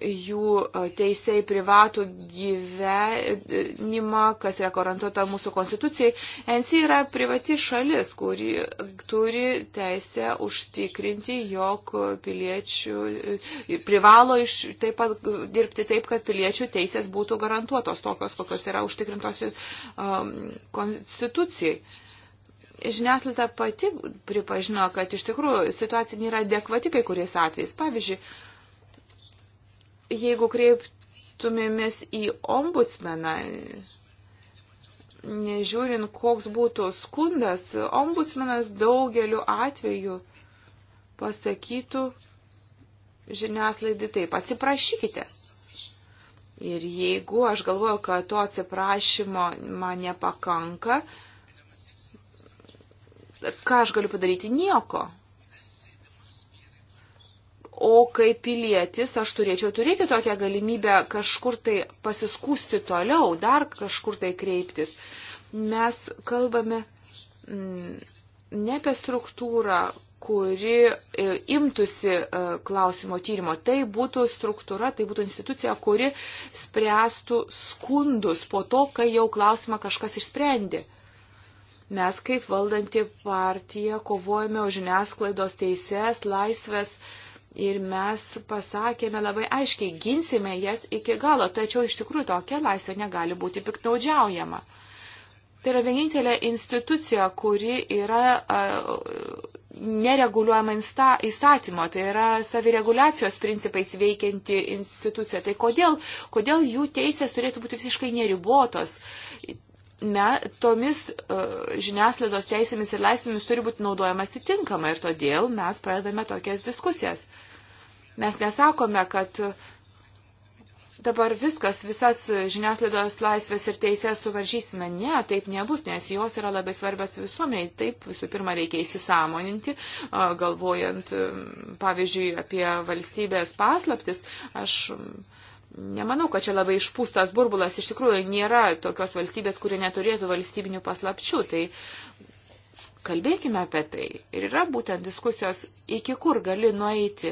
jų e, teisė į privatų gyvenimą, kas yra garantuota mūsų konstitucijai. NC yra privati šalis, kuri turi teisę užtikrinti, jog piliečių piliečių e, privalo iš, taip pat dirbti taip, kad piliečių teisės būtų garantuotos tokios, kokios yra užtikrintos um, konstitucijai. Žiniaslita pati pripažino, kad iš tikrųjų situacija nėra adekvati kai kuriais atvejais. Pavyzdžiui, jeigu kreiptumėmės į ombudsmeną, nežiūrint, koks būtų skundas, ombudsmenas daugeliu atveju pasakytų, žiniaslaidai taip, atsiprašykite. Ir jeigu aš galvoju, kad to atsiprašymo man nepakanka, ką aš galiu padaryti? Nieko. O kaip pilietis aš turėčiau turėti tokią galimybę kažkur tai pasiskūsti toliau, dar kažkur tai kreiptis. Mes kalbame mm, ne apie struktūrą, kuri e, imtųsi e, klausimo tyrimo. Tai būtų struktūra, tai būtų institucija, kuri spręstų skundus po to, kai jau klausimą kažkas išsprendė. Mes kaip valdanti partija kovojame už žiniasklaidos teises, laisvės ir mes pasakėme labai aiškiai, ginsime jas iki galo, tačiau iš tikrųjų tokia laisvė negali būti piknaudžiaujama. Tai yra vienintelė institucija, kuri yra nereguliuojama įstatymo, tai yra savireguliacijos principais veikianti institucija. Tai kodėl, kodėl jų teisės turėtų būti visiškai neribotos? Me, tomis uh, žiniasklaidos teisėmis ir laisvėmis turi būti naudojamas įtinkama ir todėl mes pradedame tokias diskusijas. Mes nesakome, kad uh, dabar viskas, visas žiniasklaidos laisvės ir teisės suvaržysime. Ne, taip nebus, nes jos yra labai svarbios visuomeniai. Taip, visų pirma, reikia įsisamoninti, galvojant, pavyzdžiui, apie valstybės paslaptis. Aš nemanau, kad čia labai išpūstas burbulas. Iš tikrųjų, nėra tokios valstybės, kuri neturėtų valstybinių paslapčių. Tai uh, Kalbėkime apie tai. Ir yra būtent diskusijos, iki kur gali nueiti.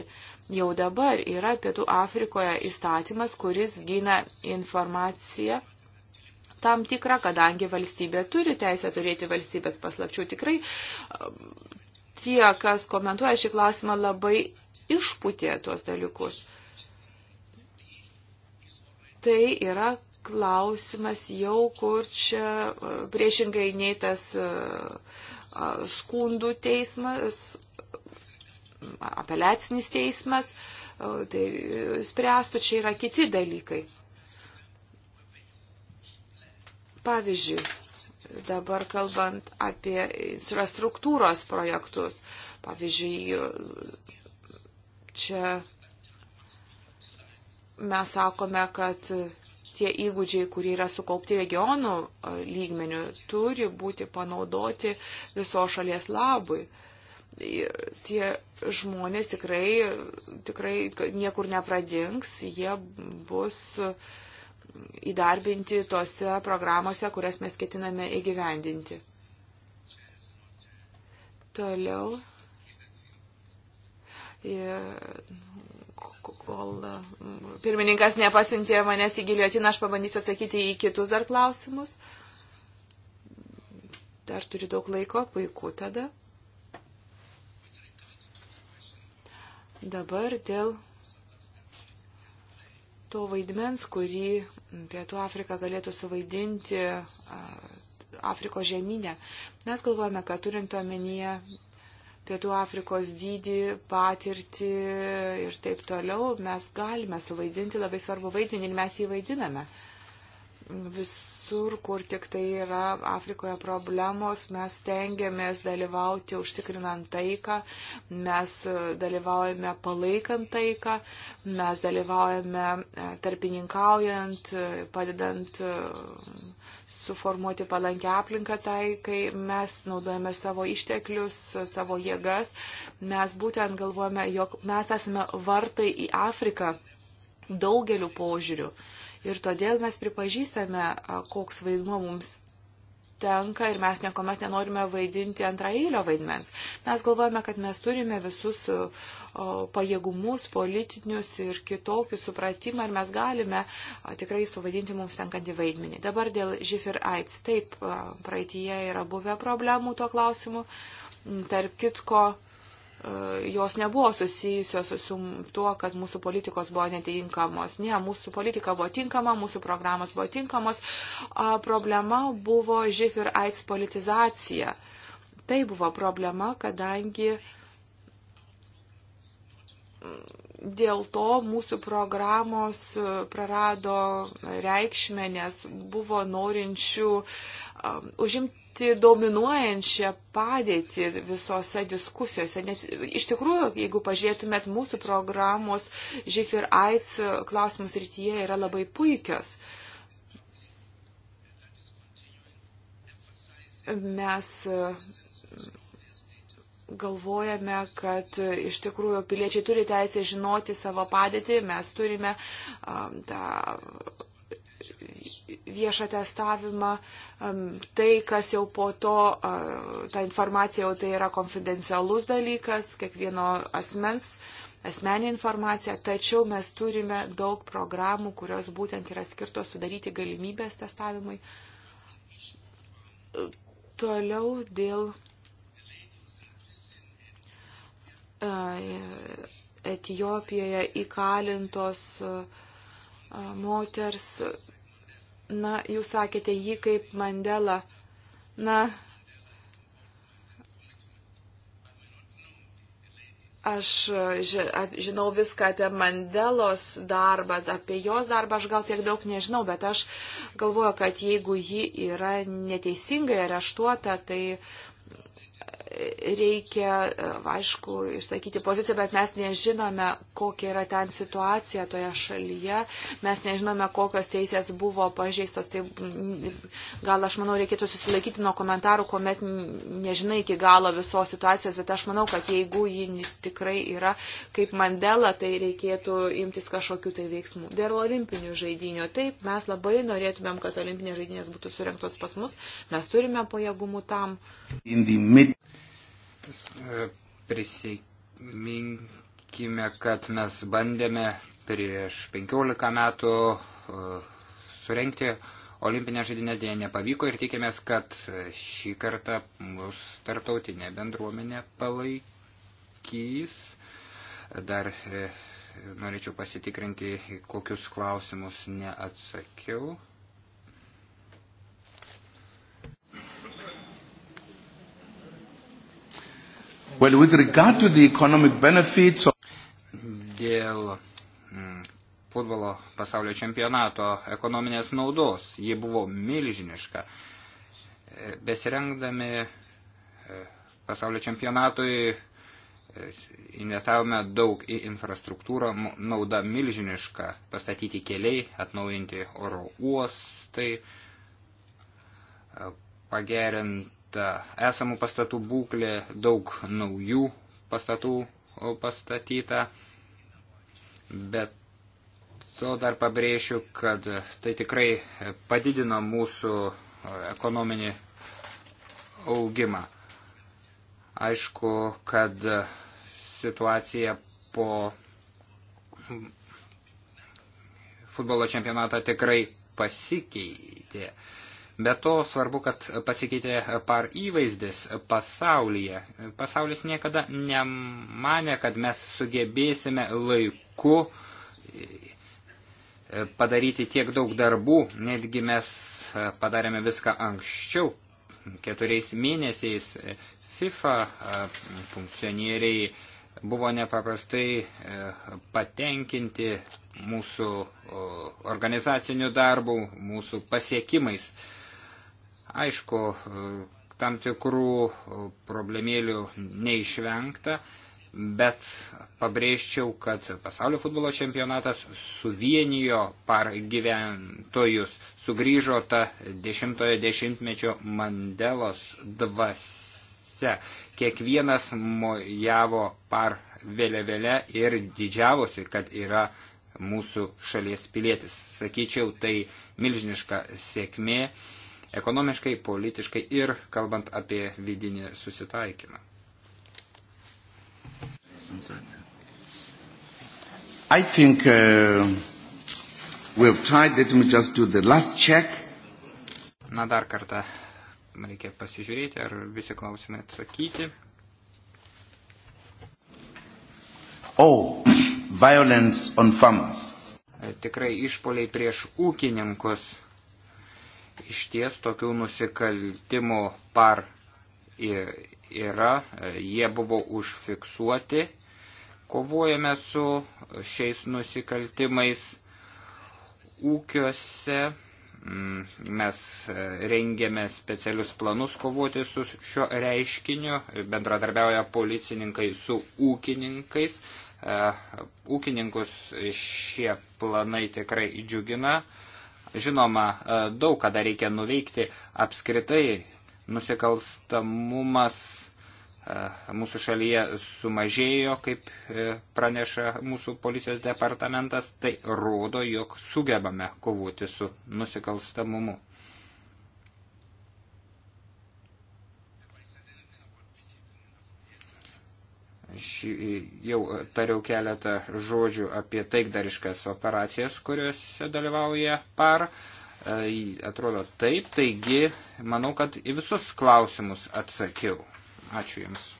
Jau dabar yra Pietų Afrikoje įstatymas, kuris gina informaciją tam tikrą, kadangi valstybė turi teisę turėti valstybės paslapčių. Tikrai um, tie, kas komentuoja šį klausimą, labai išputė tuos dalykus. Tai yra klausimas jau, kur čia e, priešingai nei tas e, skundų teismas, apeliacinis teismas, tai spręstų, čia yra kiti dalykai. Pavyzdžiui, dabar kalbant apie infrastruktūros projektus, pavyzdžiui, čia mes sakome, kad tie įgūdžiai, kurie yra sukaupti regionų e, lygmenių, turi būti panaudoti viso šalies labui. Ir tie žmonės tikrai, tikrai niekur nepradings, jie bus įdarbinti tose programuose, kurias mes ketiname įgyvendinti. Toliau. Ir kol e, pirmininkas nepasiuntė manęs į giliotiną, aš pabandysiu atsakyti į kitus dar klausimus. Dar turiu daug laiko, puiku tada. Dabar dėl to vaidmens, kurį Pietų Afrika galėtų suvaidinti Afrikos žemynę. Mes galvojame, kad turint omenyje Pietų Afrikos dydį, patirtį ir taip toliau, mes galime suvaidinti labai svarbu vaidmenį ir mes jį vaidiname. Visur, kur tik tai yra Afrikoje problemos, mes tengiamės dalyvauti užtikrinant taiką, mes dalyvaujame palaikant taiką, mes dalyvaujame tarpininkaujant, padedant uh, suformuoti palankę aplinką tai, kai mes naudojame savo išteklius, savo jėgas. Mes būtent galvojame, jog mes esame vartai į Afriką daugeliu požiūrių. Ir todėl mes pripažįstame, koks vaidmuo mums tenka ir mes niekuomet nenorime vaidinti antraeilio vaidmens. Mes galvojame, kad mes turime visus o, pajėgumus, politinius ir kitokį supratimą ir mes galime o, tikrai suvaidinti mums tenkantį vaidmenį. Dabar dėl živ ir AIDS. Taip, praeitie yra buvę problemų tuo klausimu. Tarp kitko, E, jos nebuvo susijusios su tuo, kad mūsų politikos buvo netinkamos. Ne, mūsų politika buvo tinkama, mūsų programos buvo tinkamos. Problema buvo živ ir AIDS politizacija. Tai buvo problema, kadangi dėl to mūsų programos prarado reikšmę, nes buvo norinčių um, užimti užimti dominuojančią padėtį visose diskusijose. Nes iš tikrųjų, jeigu pažiūrėtumėt mūsų programos, živ ir AIDS klausimus rytyje yra labai puikios. Mes e, galvojame, kad e, iš tikrųjų piliečiai turi teisę žinoti savo padėtį, mes turime um, tą viešą testavimą, tai, kas jau po to, ta informacija jau tai yra konfidencialus dalykas, kiekvieno asmens asmeninė informacija, tačiau mes turime daug programų, kurios būtent yra skirtos sudaryti galimybės testavimui. Toliau dėl Etijopijoje įkalintos moters Na, jūs sakėte jį kaip Mandela. Na, aš žinau viską apie Mandelos darbą, apie jos darbą aš gal tiek daug nežinau, bet aš galvoju, kad jeigu ji yra neteisingai areštuota, tai reikia, e, aišku, išsakyti poziciją, bet mes nežinome, kokia yra ten situacija toje šalyje, mes nežinome, kokios teisės buvo pažeistos, tai mm, gal aš manau reikėtų susilaikyti nuo komentarų, kuomet nežinai iki galo visos situacijos, bet aš manau, kad jeigu ji tikrai yra kaip Mandela, tai reikėtų imtis kažkokių tai veiksmų. Dėl olimpinių žaidinių, taip, mes labai norėtumėm, kad olimpinės žaidinės būtų surinktos pas mus, mes turime pajėgumų tam. In the mid Prisiminkime, kad mes bandėme prieš 15 metų e, surenkti olimpinę žaidinę dėje nepavyko ir tikimės, kad šį kartą mus tartautinė bendruomenė palaikys. Dar e, norėčiau pasitikrinti, kokius klausimus neatsakiau. Well, with regard to the economic benefits of... Dėl mm, futbolo pasaulio čempionato ekonominės naudos, ji buvo milžiniška. E, besirengdami e, pasaulio čempionatui e, investavome daug į infrastruktūrą, nauda milžiniška, pastatyti keliai, atnaujinti oro uostai, pagerint ta esamų pastatų būklė, daug naujų pastatų pastatyta, bet to dar pabrėšiu, kad tai tikrai padidino mūsų ekonominį augimą. Aišku, kad situacija po futbolo čempionatą tikrai pasikeitė. Be to svarbu, kad pasikeitė par įvaizdis pasaulyje. Pasaulis niekada nemanė, kad mes sugebėsime laiku e, padaryti tiek daug darbų, netgi mes e, padarėme viską anksčiau, keturiais mėnesiais FIFA e, funkcionieriai buvo nepaprastai patenkinti mūsų organizaciniu darbu, mūsų pasiekimais. Aišku, tam tikrų problemėlių neišvengta, bet pabrėžčiau, kad pasaulio futbolo čempionatas suvienijo par gyventojus, sugrįžo ta dešimtojo dešimtmečio Mandelos dvasia. Kiekvienas mojavo par vėliavėlę ir didžiavosi, kad yra mūsų šalies pilietis. Sakyčiau, tai milžiniška sėkmė ekonomiškai, politiškai ir kalbant apie vidinį susitaikymą. I think uh, we've tried, let me just do the last check. Na dar kartą reikia pasižiūrėti, ar visi klausimai atsakyti. Oh, violence on farmers. Tikrai išpoliai prieš ūkininkus Iš ties tokių nusikaltimų par yra, jie buvo užfiksuoti, kovojame su šiais nusikaltimais ūkiuose, mm, mes e, rengėme specialius planus kovoti su šio reiškiniu, bendradarbiauja policininkai su ūkininkais, e, ūkininkus šie planai tikrai džiugina. Žinoma, e, daug ką dar reikia nuveikti. Apskritai nusikalstamumas e, mūsų šalyje sumažėjo, kaip e, praneša mūsų policijos departamentas, tai rodo, jog sugebame kovoti su nusikalstamumu. Ši, jau tariau keletą žodžių apie taikdariškas operacijas, kuriuose dalyvauja par. E, atrodo taip, taigi manau, kad į visus klausimus atsakiau. Ačiū Jums.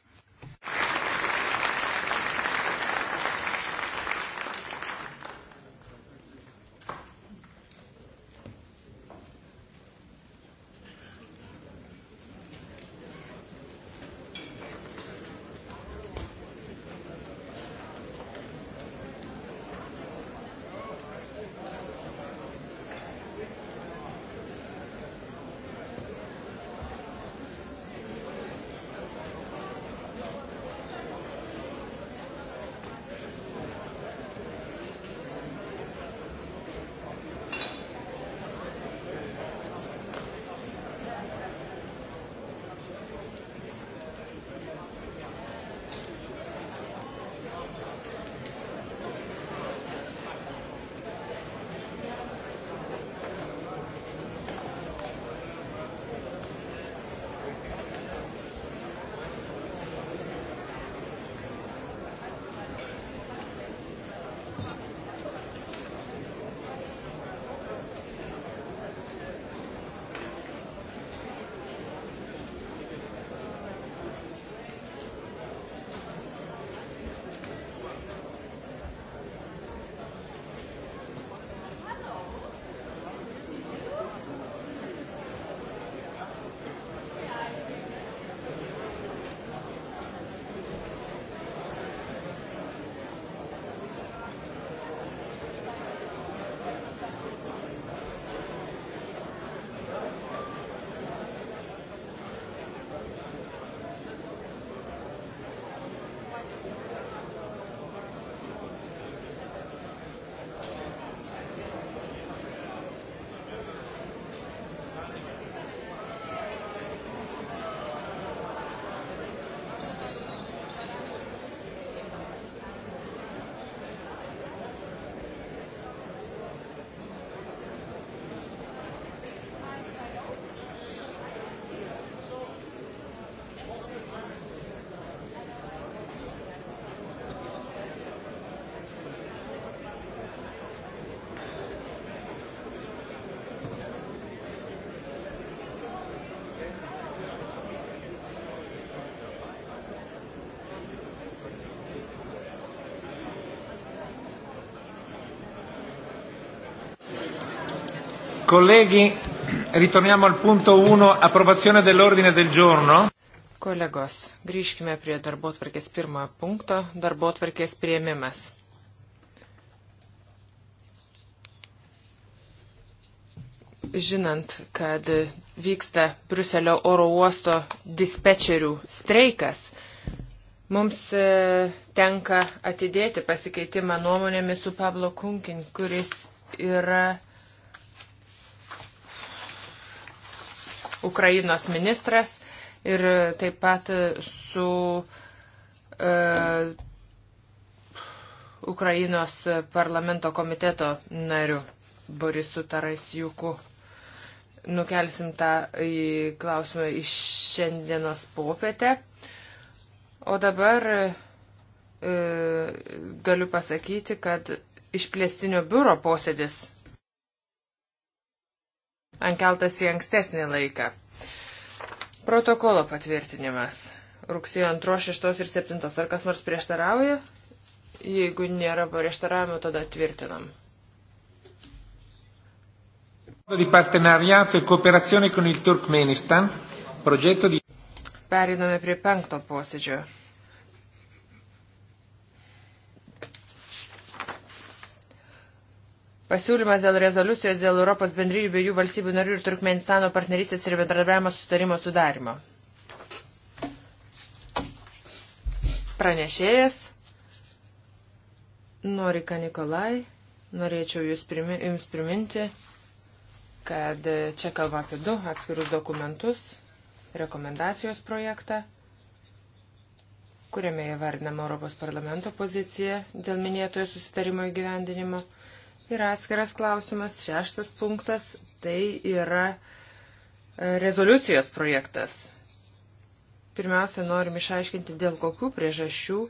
Colleghi, ritorniamo al punto 1, approvazione dell'ordine del giorno. Kolegos, grįžkime prie darbo tvarkės pirmojo punkto, darbo tvarkės prieimimas. Žinant, kad vyksta Bruselio oro uosto dispečerių streikas, Mums e, tenka atidėti pasikeitimą nuomonėmis su Pablo Kunkin, kuris yra Ukrainos ministras ir taip pat su uh, Ukrainos parlamento komiteto nariu Borisu Tarasjuku. Nukelsim tą į klausimą iš šiandienos popietę. O dabar e, uh, galiu pasakyti, kad išplėstinio biuro posėdis ankeltas į ankstesnį laiką. Protokolo patvirtinimas. Rugsėjo 2, 6 ir 7. Ar kas nors prieštarauja? Jeigu nėra prieštaravimo, tada tvirtinam. Di partenariato e cooperazione con il Turkmenistan, progetto di... Periname prie penkto posėdžio. Pasiūlymas dėl rezoliucijos dėl Europos bendryjų bei jų valstybių narių ir Turkmenistano partnerystės ir bendradarbiavimo sustarimo sudarimo. Pranešėjas Norika Nikolai, norėčiau jūs primi, Jums priminti, kad čia kalba apie du atskirus dokumentus, rekomendacijos projektą, kuriame įvardinama Europos parlamento pozicija dėl minėtojo susitarimo įgyvendinimo yra atskiras klausimas. Šeštas punktas tai yra e, rezoliucijos projektas. Pirmiausia, norim išaiškinti, dėl kokių priežasčių e,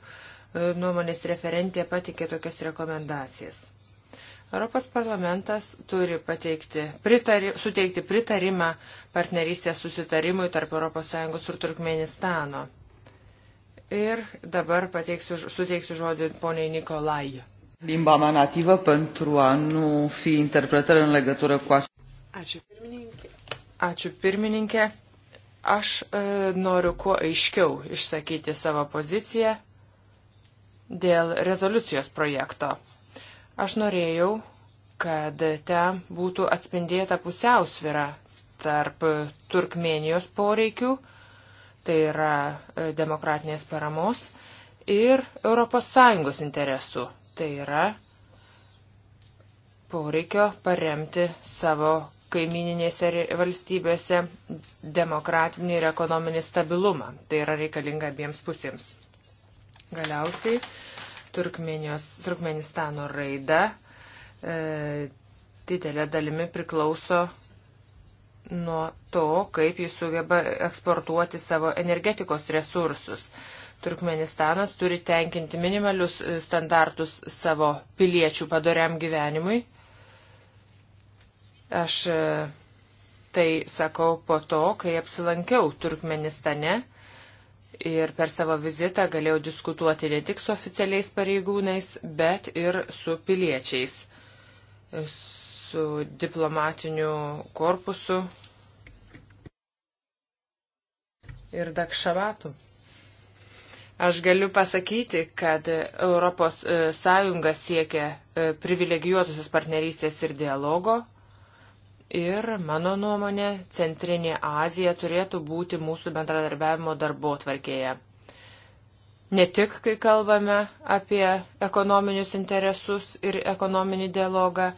nuomonės referentė patikė tokias rekomendacijas. Europos parlamentas turi pateikti, pritari, suteikti pritarimą partnerystės susitarimui tarp ES ir Turkmenistano. Ir dabar pateiksiu, suteiksiu žodį poniai Nikolai. Limba mea nativă pentru a nu fi interpretări în legătură cu așa. Ačiū pirmininkė. Ačiū pirmininkė. Aš e, noriu kuo aiškiau išsakyti savo poziciją dėl rezoliucijos projekto. Aš norėjau, kad ten būtų atspindėta pusiausvira tarp Turkmenijos poreikių, tai yra e, demokratinės paramos, ir ES interesų tai yra poreikio paremti savo kaimininėse valstybėse demokratinį ir ekonominį stabilumą. Tai yra reikalinga abiems pusėms. Galiausiai Turkmenistano raida e, didelė dalimi priklauso nuo to, kaip jis sugeba eksportuoti savo energetikos resursus. E, Turkmenistanas turi tenkinti minimalius e, standartus savo piliečių padoriam gyvenimui. Aš e, tai sakau po to, kai apsilankiau Turkmenistane ir per savo vizitą galėjau diskutuoti ne tik su oficialiais pareigūnais, bet ir su piliečiais, e, su diplomatiniu korpusu ir dakšavatu. Aš galiu pasakyti, kad ES e, siekia e, privilegijuotusios partnerystės ir dialogo. Ir mano nuomonė, Centrinė Azija turėtų būti mūsų bendradarbiavimo darbo tvarkėje. Ne tik, kai kalbame apie ekonominius interesus ir ekonominį dialogą,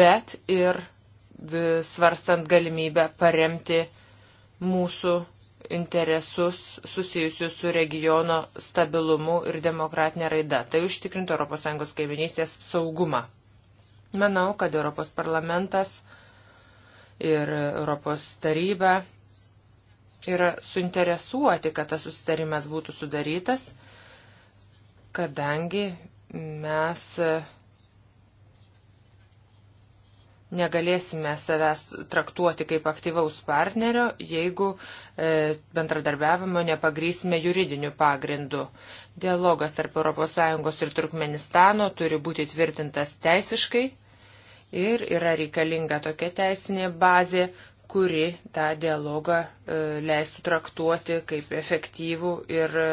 bet ir e, svarstant galimybę paremti mūsų interesus susijusius su regiono stabilumu ir demokratinė raida. Tai užtikrintų ES kaiminystės saugumą. Manau, kad Europos parlamentas ir Europos taryba yra suinteresuoti, kad tas susitarimas būtų sudarytas, kadangi mes negalėsime savęs traktuoti kaip aktyvaus partnerio, jeigu e, bendradarbiavimo nepagrysime juridiniu pagrindu. Dialogas tarp ES ir Turkmenistano turi būti tvirtintas teisiškai ir yra reikalinga tokia teisinė bazė, kuri tą dialogą e, leistų traktuoti kaip efektyvų ir e,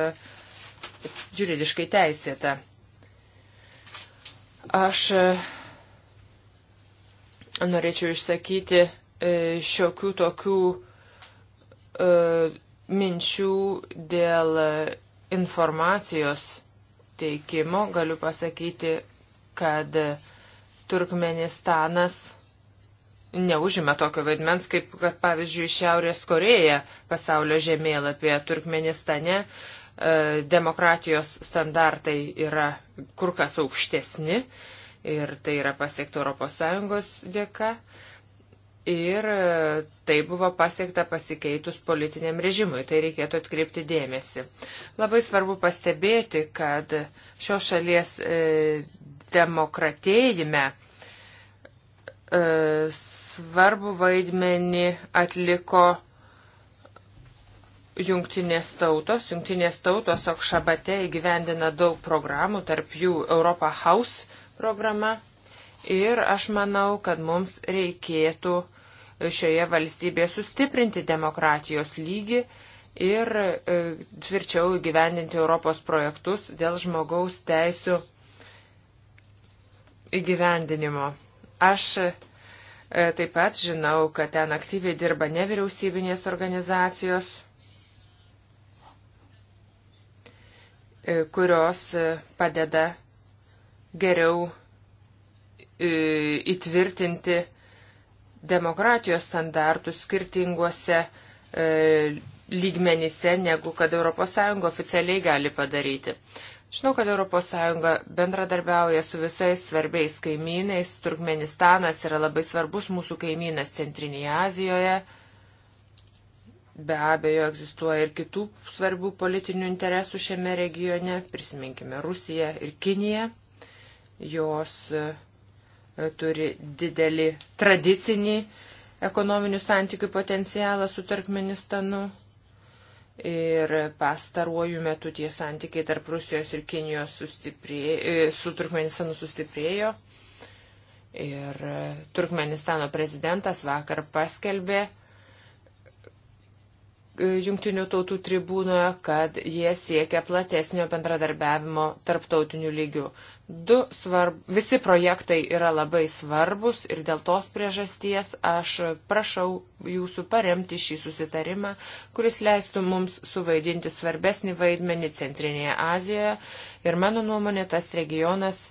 juridiškai teisėtą. Aš e, norėčiau išsakyti e, šiokių tokių e, minčių dėl informacijos teikimo. Galiu pasakyti, kad Turkmenistanas neužima tokio vaidmens, kaip, kad, pavyzdžiui, Šiaurės Koreja pasaulio žemėlapyje Turkmenistane e, demokratijos standartai yra kur kas aukštesni ir tai yra pasiekta ES dėka. Ir e, tai buvo pasiekta pasikeitus politiniam režimui, tai reikėtų atkreipti dėmesį. Labai svarbu pastebėti, kad šios šalies e, demokratėjime e, svarbu vaidmenį atliko Jungtinės tautos. Jungtinės tautos Okšabate įgyvendina daug programų, tarp jų Europa House programa. Ir aš manau, kad mums reikėtų šioje valstybėje sustiprinti demokratijos lygį ir e, tvirčiau gyvendinti Europos projektus dėl žmogaus teisų įgyvendinimo. Aš e, taip pat žinau, kad ten aktyviai dirba nevyriausybinės organizacijos, e, kurios padeda geriau e, įtvirtinti demokratijos standartus skirtinguose e, lygmenyse, negu kad ES oficialiai gali padaryti. Žinau, kad ES bendradarbiauja su visais svarbiais kaimynais. Turkmenistanas yra labai svarbus mūsų kaimynas Centrinėje Azijoje. Be abejo, egzistuoja ir kitų svarbių politinių interesų šiame regione. Prisiminkime Rusiją ir Kiniją. Jos e, turi didelį tradicinį ekonominių santykių potencialą su Turkmenistanu. Ir pastaruoju metu tie santykiai tarp Rusijos ir Kinijos e, su Turkmenistanu sustiprėjo. Ir e, Turkmenistano prezidentas vakar paskelbė, jungtinių tautų tribūnoje, kad jie siekia platesnio bendradarbiavimo tarptautinių lygių. Du svarb... Visi projektai yra labai svarbus ir dėl tos priežasties aš prašau jūsų paremti šį susitarimą, kuris leistų mums suvaidinti svarbesnį vaidmenį Centrinėje Azijoje ir mano nuomonė tas regionas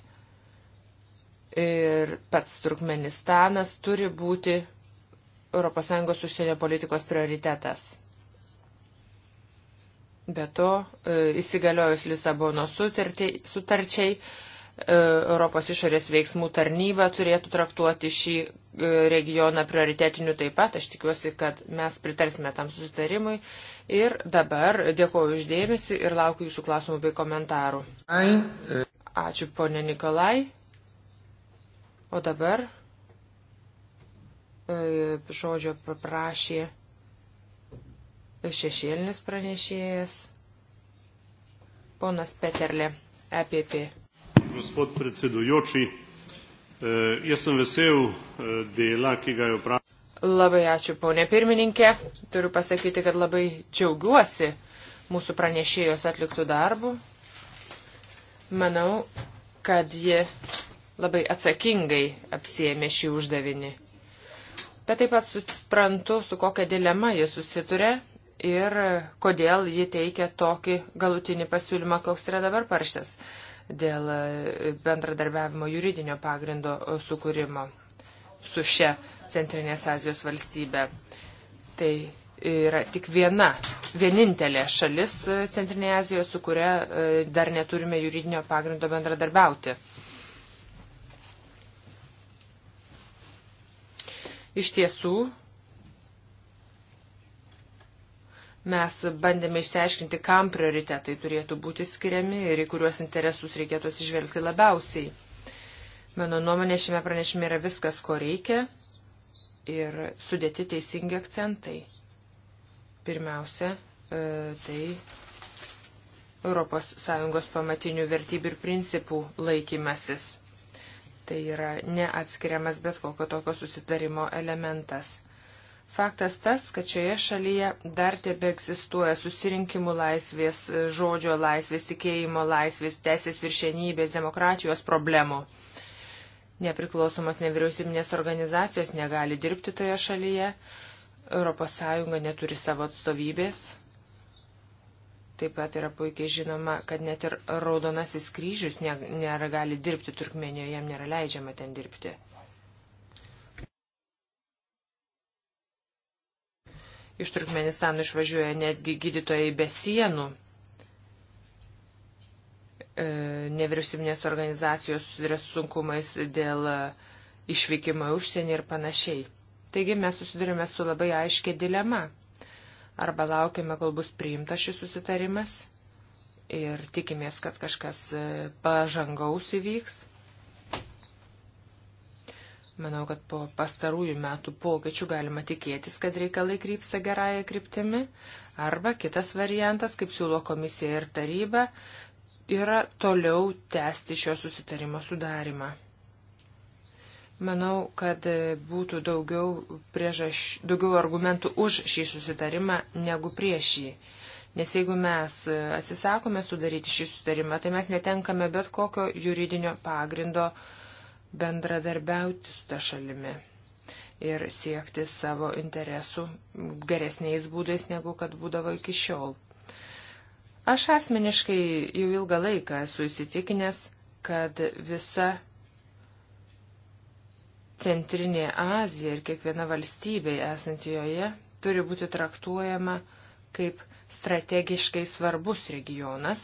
ir pats Turkmenistanas turi būti ES užsienio politikos prioritetas. Be to, e, įsigaliojus Lisabono sutarčiai, e, Europos išorės veiksmų tarnyba turėtų traktuoti šį e, regioną prioritetiniu taip pat. Aš tikiuosi, kad mes pritarsime tam susitarimui. Ir dabar dėkuoju uždėmesi ir laukiu jūsų klausimų bei komentarų. Ačiū, ponė Nikolai. O dabar žodžio paprašė šešėlinis pranešėjas, ponas Peterlė, EPP. Gospod predsedujoči, e, jaz sem vesel e, dela, ki ga je opravil. Labai ačiū, ponė pirmininkė. Turiu pasakyti, kad labai džiaugiuosi mūsų pranešėjos atliktų darbų. Manau, kad ji labai atsakingai apsėmė šį uždavinį. Bet taip pat suprantu, su kokia dilema jis susituria ir kodėl ji teikia tokį galutinį pasiūlymą, koks yra dabar parštas dėl e, bendradarbiavimo juridinio pagrindo sukūrimo su šia Centrinės Azijos valstybė. Tai yra tik viena, vienintelė šalis e, Centrinėje Azijoje, su kuria e, dar neturime juridinio pagrindo bendradarbiauti. Iš tiesų, Mes bandėme išsiaiškinti, kam prioritetai turėtų būti skiriami ir į kuriuos interesus reikėtų atsižvelgti labiausiai. Mano nuomonė šiame pranešime yra viskas, ko reikia ir sudėti teisingi akcentai. Pirmiausia, e, tai ES pamatinių vertybių ir principų laikymasis. Tai yra neatskiriamas bet kokio tokio susitarimo elementas. Faktas tas, kad šioje šalyje dar tebe egzistuoja susirinkimų laisvės, žodžio laisvės, tikėjimo laisvės, teisės viršenybės, demokratijos problemų. Nepriklausomos nevyriausybinės organizacijos negali dirbti toje šalyje, ES neturi savo atstovybės. Taip pat yra puikiai žinoma, kad net ir Raudonasis kryžius nėra gali dirbti Turkmenijoje, jam nėra leidžiama ten dirbti. Iš Turkmenistano išvažiuoja netgi gydytojai be sienų. E, nevyriausybinės organizacijos susiduria su sunkumais dėl e, išvykimo į užsienį ir panašiai. Taigi mes susidurime su labai aiškia dilema. Arba laukiame, kol bus priimtas šis susitarimas ir tikimės, kad kažkas e, pažangaus įvyks, Manau, kad po pastarųjų metų pokyčių galima tikėtis, kad reikalai krypsta gerąją kryptimi. Arba kitas variantas, kaip siūlo komisija ir taryba, yra toliau tęsti šio susitarimo sudarimą. Manau, kad būtų daugiau, priežaš, daugiau argumentų už šį susitarimą negu prieš jį. Nes jeigu mes atsisakome sudaryti šį susitarimą, tai mes netenkame bet kokio juridinio pagrindo uh, bendradarbiauti su ta šalimi ir siekti savo interesų geresniais būdais, negu kad būdavo iki šiol. Aš asmeniškai jau ilgą laiką esu įsitikinęs, kad visa Centrinė Azija ir kiekviena valstybė esanti joje turi būti traktuojama kaip strategiškai svarbus regionas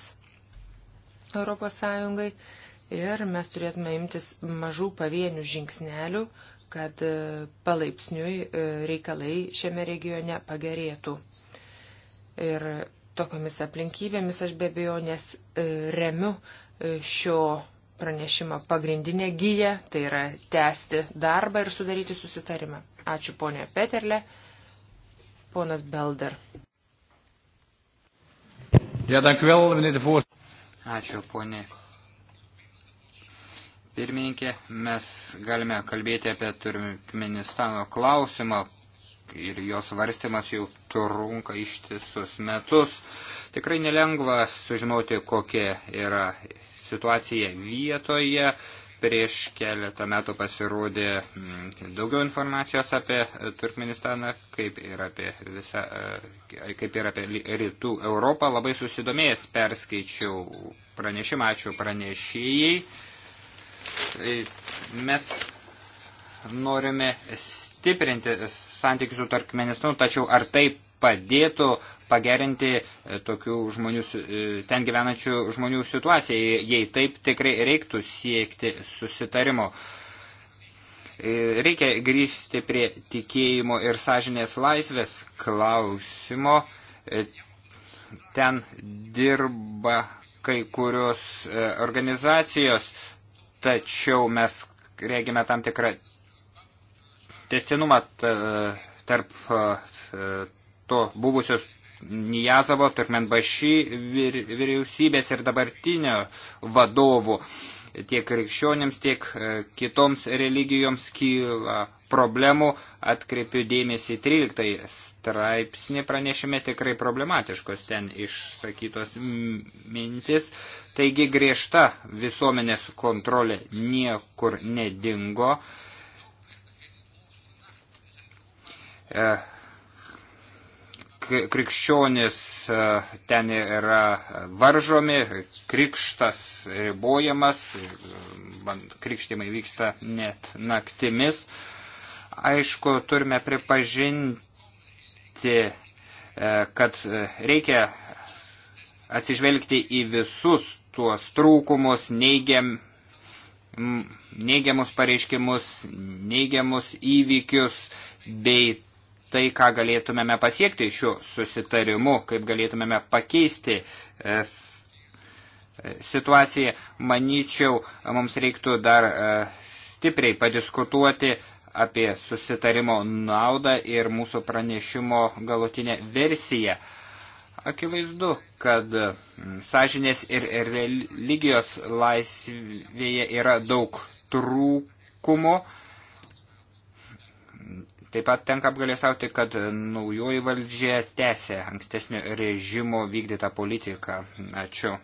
ES ir mes turėtume imtis mažų pavienių žingsnelių, kad e, palaipsniui e, reikalai šiame regione pagerėtų. Ir tokiamis aplinkybėmis aš be abejonės e, remiu šio pranešimo pagrindinę gyją, tai yra tęsti darbą ir sudaryti susitarimą. Ačiū ponė Peterle, ponas Belder. Ja, dank u wel, meneer de voorzitter. Ačiū, ponė pirmininkė, mes galime kalbėti apie Turkmenistano klausimą ir jos varstimas jau trunka ištisus metus. Tikrai nelengva sužinoti, kokia yra situacija vietoje. Prieš keletą metų pasirodė mm, daugiau informacijos apie Turkmenistaną, kaip ir apie, visą, e, kaip ir apie rytų Europą. Labai susidomėjęs perskaičiau pranešimą, ačiū pranešėjai. E, mes norime stiprinti santykius su Turkmenistanu, tačiau ar tai padėtų pagerinti e, tokių žmonių, e, ten gyvenančių žmonių situaciją, jei taip tikrai reiktų siekti susitarimo. Reikia grįžti prie tikėjimo ir sąžinės laisvės klausimo. Ten dirba kai kurios organizacijos, tačiau mes regime tam tikrą testinumą tarp e, to buvusios Nijazovo, Turkmenbaši vyriausybės ir dabartinio vadovų tiek krikščionėms, tiek e, kitoms religijoms kyla problemų, atkreipiu dėmesį 13 straipsnį pranešime tikrai problematiškos ten išsakytos mintis. Taigi griežta visuomenės kontrolė niekur nedingo. E, krikščionis e, ten yra varžomi, krikštas ribojamas, krikštimai vyksta net naktimis aišku, turime pripažinti, priminti, e, kad e, reikia atsižvelgti į visus tuos trūkumus, neigiam, neigiamus pareiškimus, neigiamus įvykius bei tai, ką galėtumėme pasiekti šiuo susitarimu, kaip galėtumėme pakeisti e, situaciją. Manyčiau, mums reiktų dar stipriai padiskutuoti apie susitarimo naudą ir mūsų pranešimo galutinę versiją. Akivaizdu, kad sąžinės ir religijos laisvėje yra daug trūkumų. Taip pat tenka apgalėsauti, kad naujoji valdžia tęsė ankstesnio režimo vykdytą politiką. Ačiū.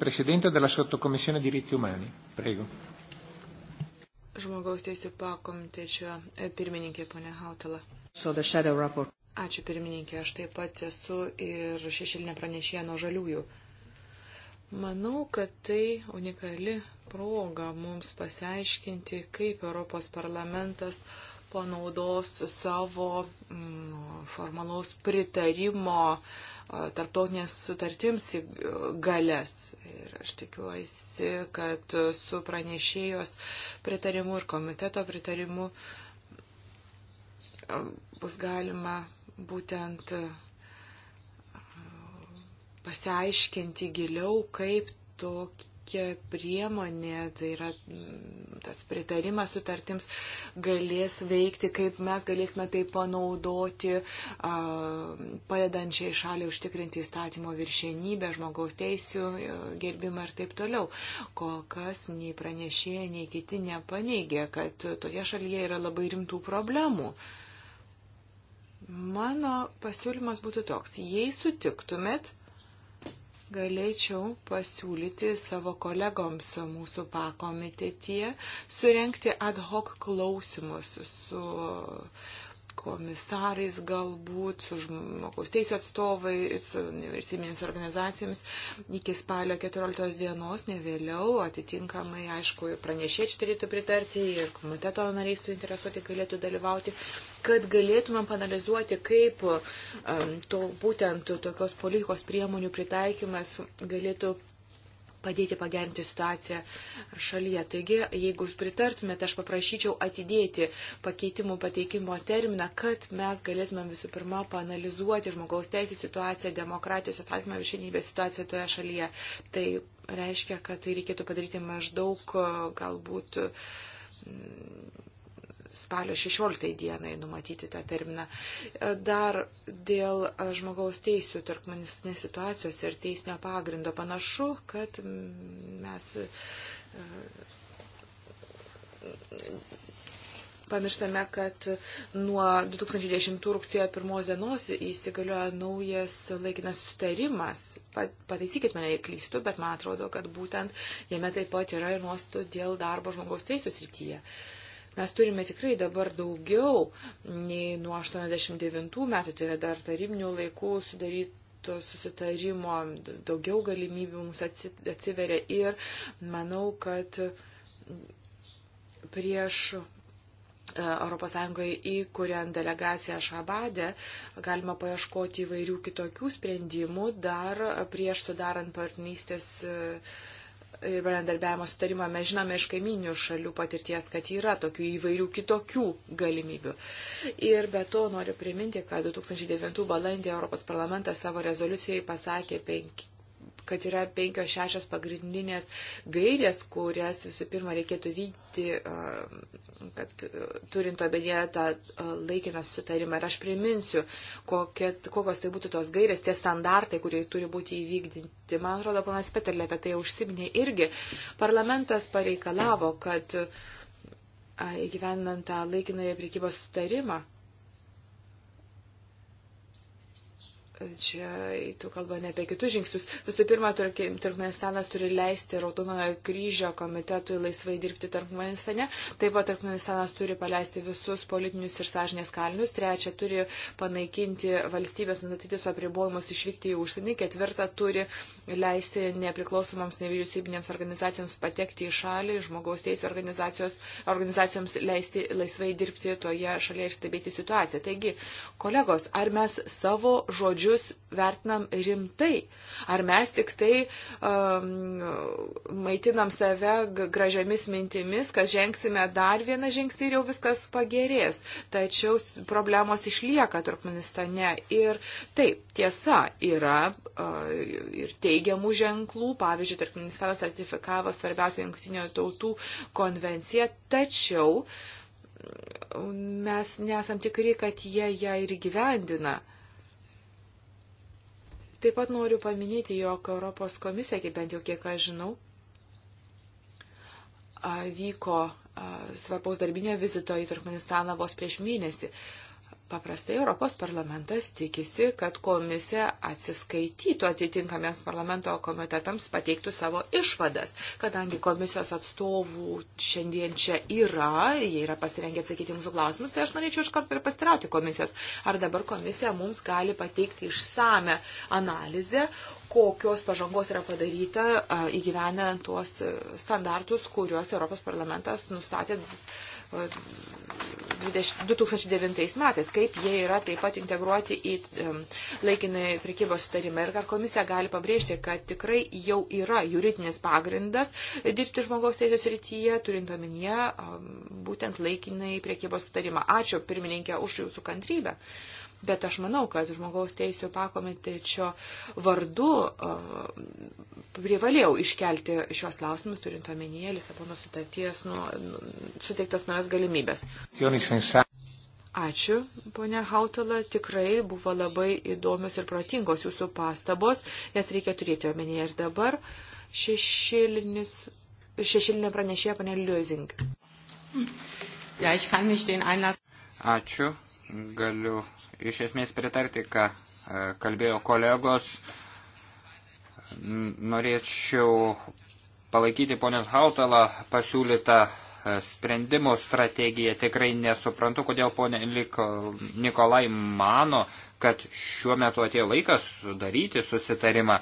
Presidente della Sottokommissione diritti umani. Prego žmogaus teisų pakomitečio e, pirmininkė ponė Hautala. So Ačiū pirmininkė, aš taip pat esu ir šešilinė pranešėja nuo žaliųjų. Manau, kad tai unikali proga mums pasiaiškinti, kaip Europos parlamentas uh, panaudos savo mm, formalaus pritarimo tarptautinės sutartims galės. Ir aš tikiuosi, kad su pranešėjos pritarimu ir komiteto pritarimu bus galima būtent pasiaiškinti giliau, kaip tokie kokia priemonė, tai yra mm, tas pritarimas sutartims, galės veikti, kaip mes galėsime tai panaudoti, padedančiai šaliai užtikrinti įstatymo viršienybę, žmogaus teisų e, gerbimą ir taip toliau. Kol kas nei pranešėjai, nei kiti nepaneigė, kad toje šalyje yra labai rimtų problemų. Mano pasiūlymas būtų toks, jei sutiktumėt, galėčiau pasiūlyti savo kolegoms mūsų pakomitetie surenkti ad hoc klausimus su komisarais galbūt, su žmogaus teisų atstovais, universiminėmis organizacijomis iki spalio 14 dienos, ne vėliau, atitinkamai, aišku, pranešėčiai turėtų pritarti ir komiteto nariai suinteresuoti galėtų dalyvauti, kad galėtumėm panalizuoti, kaip um, to, būtent tokios politikos priemonių pritaikymas galėtų padėti pagerinti situaciją šalyje. Taigi, jeigu jūs pritartumėte, aš paprašyčiau atidėti pakeitimų pateikimo terminą, kad mes galėtumėm visų pirma panalizuoti žmogaus teisų situaciją, demokratijos atstatymą viršinybės situaciją toje šalyje. Tai reiškia, kad tai reikėtų padaryti maždaug galbūt spalio 16 dienai numatyti tą terminą. E, dar dėl e, žmogaus teisų tarpmanistinės situacijos ir teisinio pagrindo panašu, kad mes e, pamirštame, kad nuo 2010 rugsėjo 1 dienos įsigalioja naujas laikinas sutarimas. Pataisykit mane, jei klystu, bet man atrodo, kad būtent jame taip pat yra ir nuostų dėl darbo žmogaus teisų srityje. Uh, Mes turime tikrai dabar daugiau nei nuo 89 metų, tai yra dar tarybinių laikų sudaryto susitarimo, daugiau galimybių mums atsiveria ir manau, kad prieš ES įkuriant delegaciją Šabadę, galima paieškoti įvairių kitokių sprendimų dar prieš sudarant partnerystės e, ir bendarbiavimo sutarimą mes žinome iš kaiminių šalių patirties, kad yra tokių įvairių kitokių galimybių. Ir be to noriu priminti, kad 2009 balandį Europos parlamentas savo rezoliucijai pasakė penki kad yra penkios šešios pagrindinės gairės, kurias visų pirma reikėtų vykti, kad turint omenyje tą laikiną sutarimą. Ir aš priminsiu, kokie, kokios tai būtų tos gairės, tie standartai, kurie turi būti įvykdinti. Man atrodo, ponas Peterlė apie tai užsiminė irgi. Parlamentas pareikalavo, kad įgyvendant tą laikinąją priekybos sutarimą, Čia tu kalba ne apie kitus žingsnius. Visų pirma, Turkmenistanas turi leisti Raudonojo kryžio komitetui laisvai dirbti Turkmenistane. Taip pat Turkmenistanas turi paleisti visus politinius ir sąžinės kalinius. Trečia, turi panaikinti valstybės nustatytis apribojimus išvykti į užsienį. Ketvirta, turi leisti nepriklausomoms nevyriausybinėms organizacijoms patekti į šalį, žmogaus teisų organizacijoms leisti laisvai dirbti toje šalyje ir stebėti situaciją. Taigi, kolegos, ar mes savo žodžiu žodžius vertinam rimtai. Ar mes tik tai um, maitinam save gražiamis mintimis, kad žengsime dar vieną žingsnį ir jau viskas pagerės. Tačiau problemos išlieka Turkmenistane. Ir taip, tiesa, yra uh, ir teigiamų ženklų. Pavyzdžiui, Turkmenistanas ratifikavo svarbiausią jungtinių tautų konvenciją. Tačiau mes nesam tikri, kad jie ją ir gyvendina. Uh, Taip pat noriu paminėti, jog Europos komisija, kaip bent jau kiek aš žinau, vyko svarbaus darbinio vizito į Turkmenistaną vos prieš mėnesį. Paprastai Europos parlamentas tikisi, kad komisija atsiskaitytų atitinkamiems parlamento komitetams pateiktų savo išvadas. Kadangi komisijos atstovų šiandien čia yra, jie yra pasirengę atsakyti mūsų klausimus, tai aš norėčiau iš karto ir pastirauti komisijos. Ar dabar komisija mums gali pateikti išsame analizę, kokios pažangos yra padaryta įgyvenant tuos standartus, kuriuos Europos parlamentas nustatė 2009 metais, kaip jie yra taip pat integruoti į laikinai prekybos sutarimą ir ar komisija gali pabrėžti, kad tikrai jau yra juridinis pagrindas dirbti žmogaus teisės rytyje, turint omenyje būtent laikinai prekybos sutarimą. Ačiū pirmininkė už jūsų kantrybę. Bet aš manau, kad žmogaus teisų pakomitečio vardu privalėjau iškelti šios klausimus, turint omenyje Lisabono sutarties nu, nu, suteiktas naujas galimybės. Ačiū, ponia Hautala, tikrai buvo labai įdomios ir protingos jūsų pastabos, jas reikia turėti omenyje ir dabar. Šešilinis, šešilinė pranešėja, ponia Liuzing. Ačiū, galiu iš esmės pritarti, ką e, kalbėjo kolegos. Uh, norėčiau palaikyti ponios Hautalą pasiūlytą e, sprendimų strategiją. Tikrai nesuprantu, kodėl ponė Nikolai mano, kad šiuo metu atėjo laikas sudaryti susitarimą.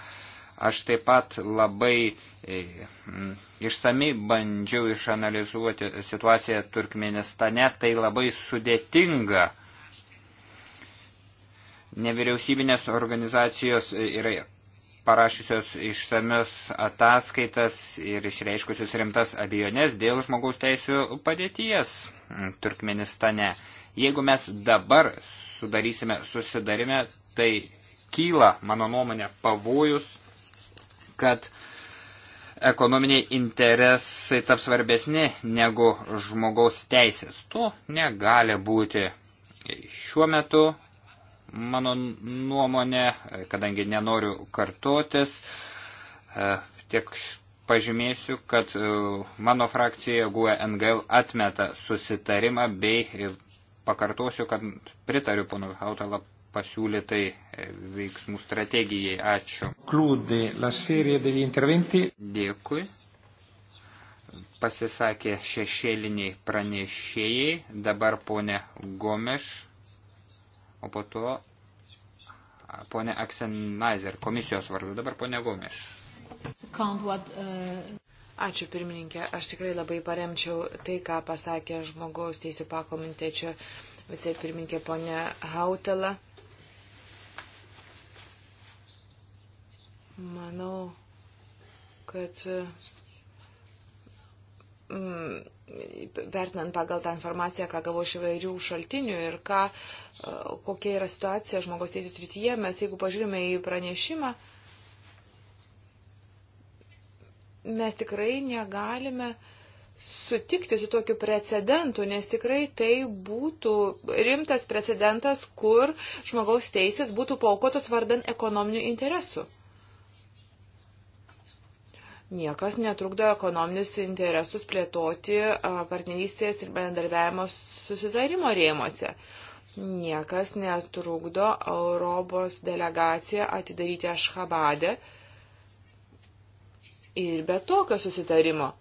Aš taip pat labai e, išsami bandžiau išanalizuoti situaciją Turkmenistane, tai labai sudėtinga. Nevyriausybinės organizacijos yra parašiusios išsamios ataskaitas ir išreiškusios rimtas abejonės dėl žmogaus teisų padėties Turkmenistane. Jeigu mes dabar sudarysime susidarime, tai kyla, mano nuomonė, pavojus, kad ekonominiai interesai taps svarbesni negu žmogaus teisės. To negali būti. Šiuo metu mano nuomonė, kadangi nenoriu kartotis, e, tiek pažymėsiu, kad e, mano frakcija GUE NGL atmeta susitarimą bei e, pakartosiu, kad pritariu pono Hautalą pasiūlytai veiksmų strategijai. Ačiū. Klūdė la serija degli interventi. Dėkui. Pasisakė šešėliniai pranešėjai. Dabar ponė Gomeš o po to ponė Aksenaizer, komisijos vardu, dabar ponė Gomiš. Uh, Ačiū pirmininkė, aš tikrai labai paremčiau tai, ką pasakė žmogaus teisų pakomitečio vicepirmininkė ponė Hautela. Manau, kad mm, vertinant pagal tą informaciją, ką gavau iš įvairių šaltinių ir ką, e, kokia yra situacija žmogaus teisų srityje, mes jeigu pažiūrime į pranešimą, mes tikrai negalime sutikti su tokiu precedentu, nes tikrai tai būtų rimtas precedentas, kur žmogaus teisės būtų paukotos vardan ekonominių interesų niekas netrukdo ekonominius interesus plėtoti partnerystės ir bendarbiavimo susitarimo rėmose. Niekas netrukdo Europos delegaciją atidaryti Ašhabadę ir be tokio susitarimo.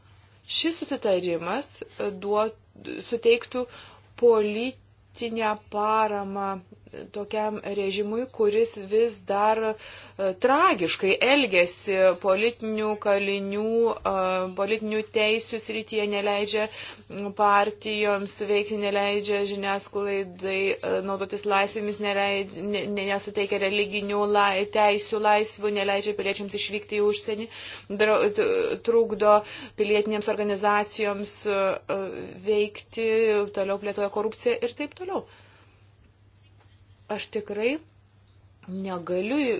Šis susitarimas duot, suteiktų politinę paramą tokiam režimui, kuris vis dar e, tragiškai elgesi politinių kalinių, e, politinių teisių srityje, neleidžia partijoms veikti, neleidžia žiniasklaidai e, naudotis laisvėmis, neleidžia, ne, nesuteikia religinių lai, teisių laisvų, neleidžia piliečiams išvykti į užsienį, trukdo pilietinėms organizacijoms veikti, toliau plėtoja korupciją ir taip toliau. Aš tikrai negaliu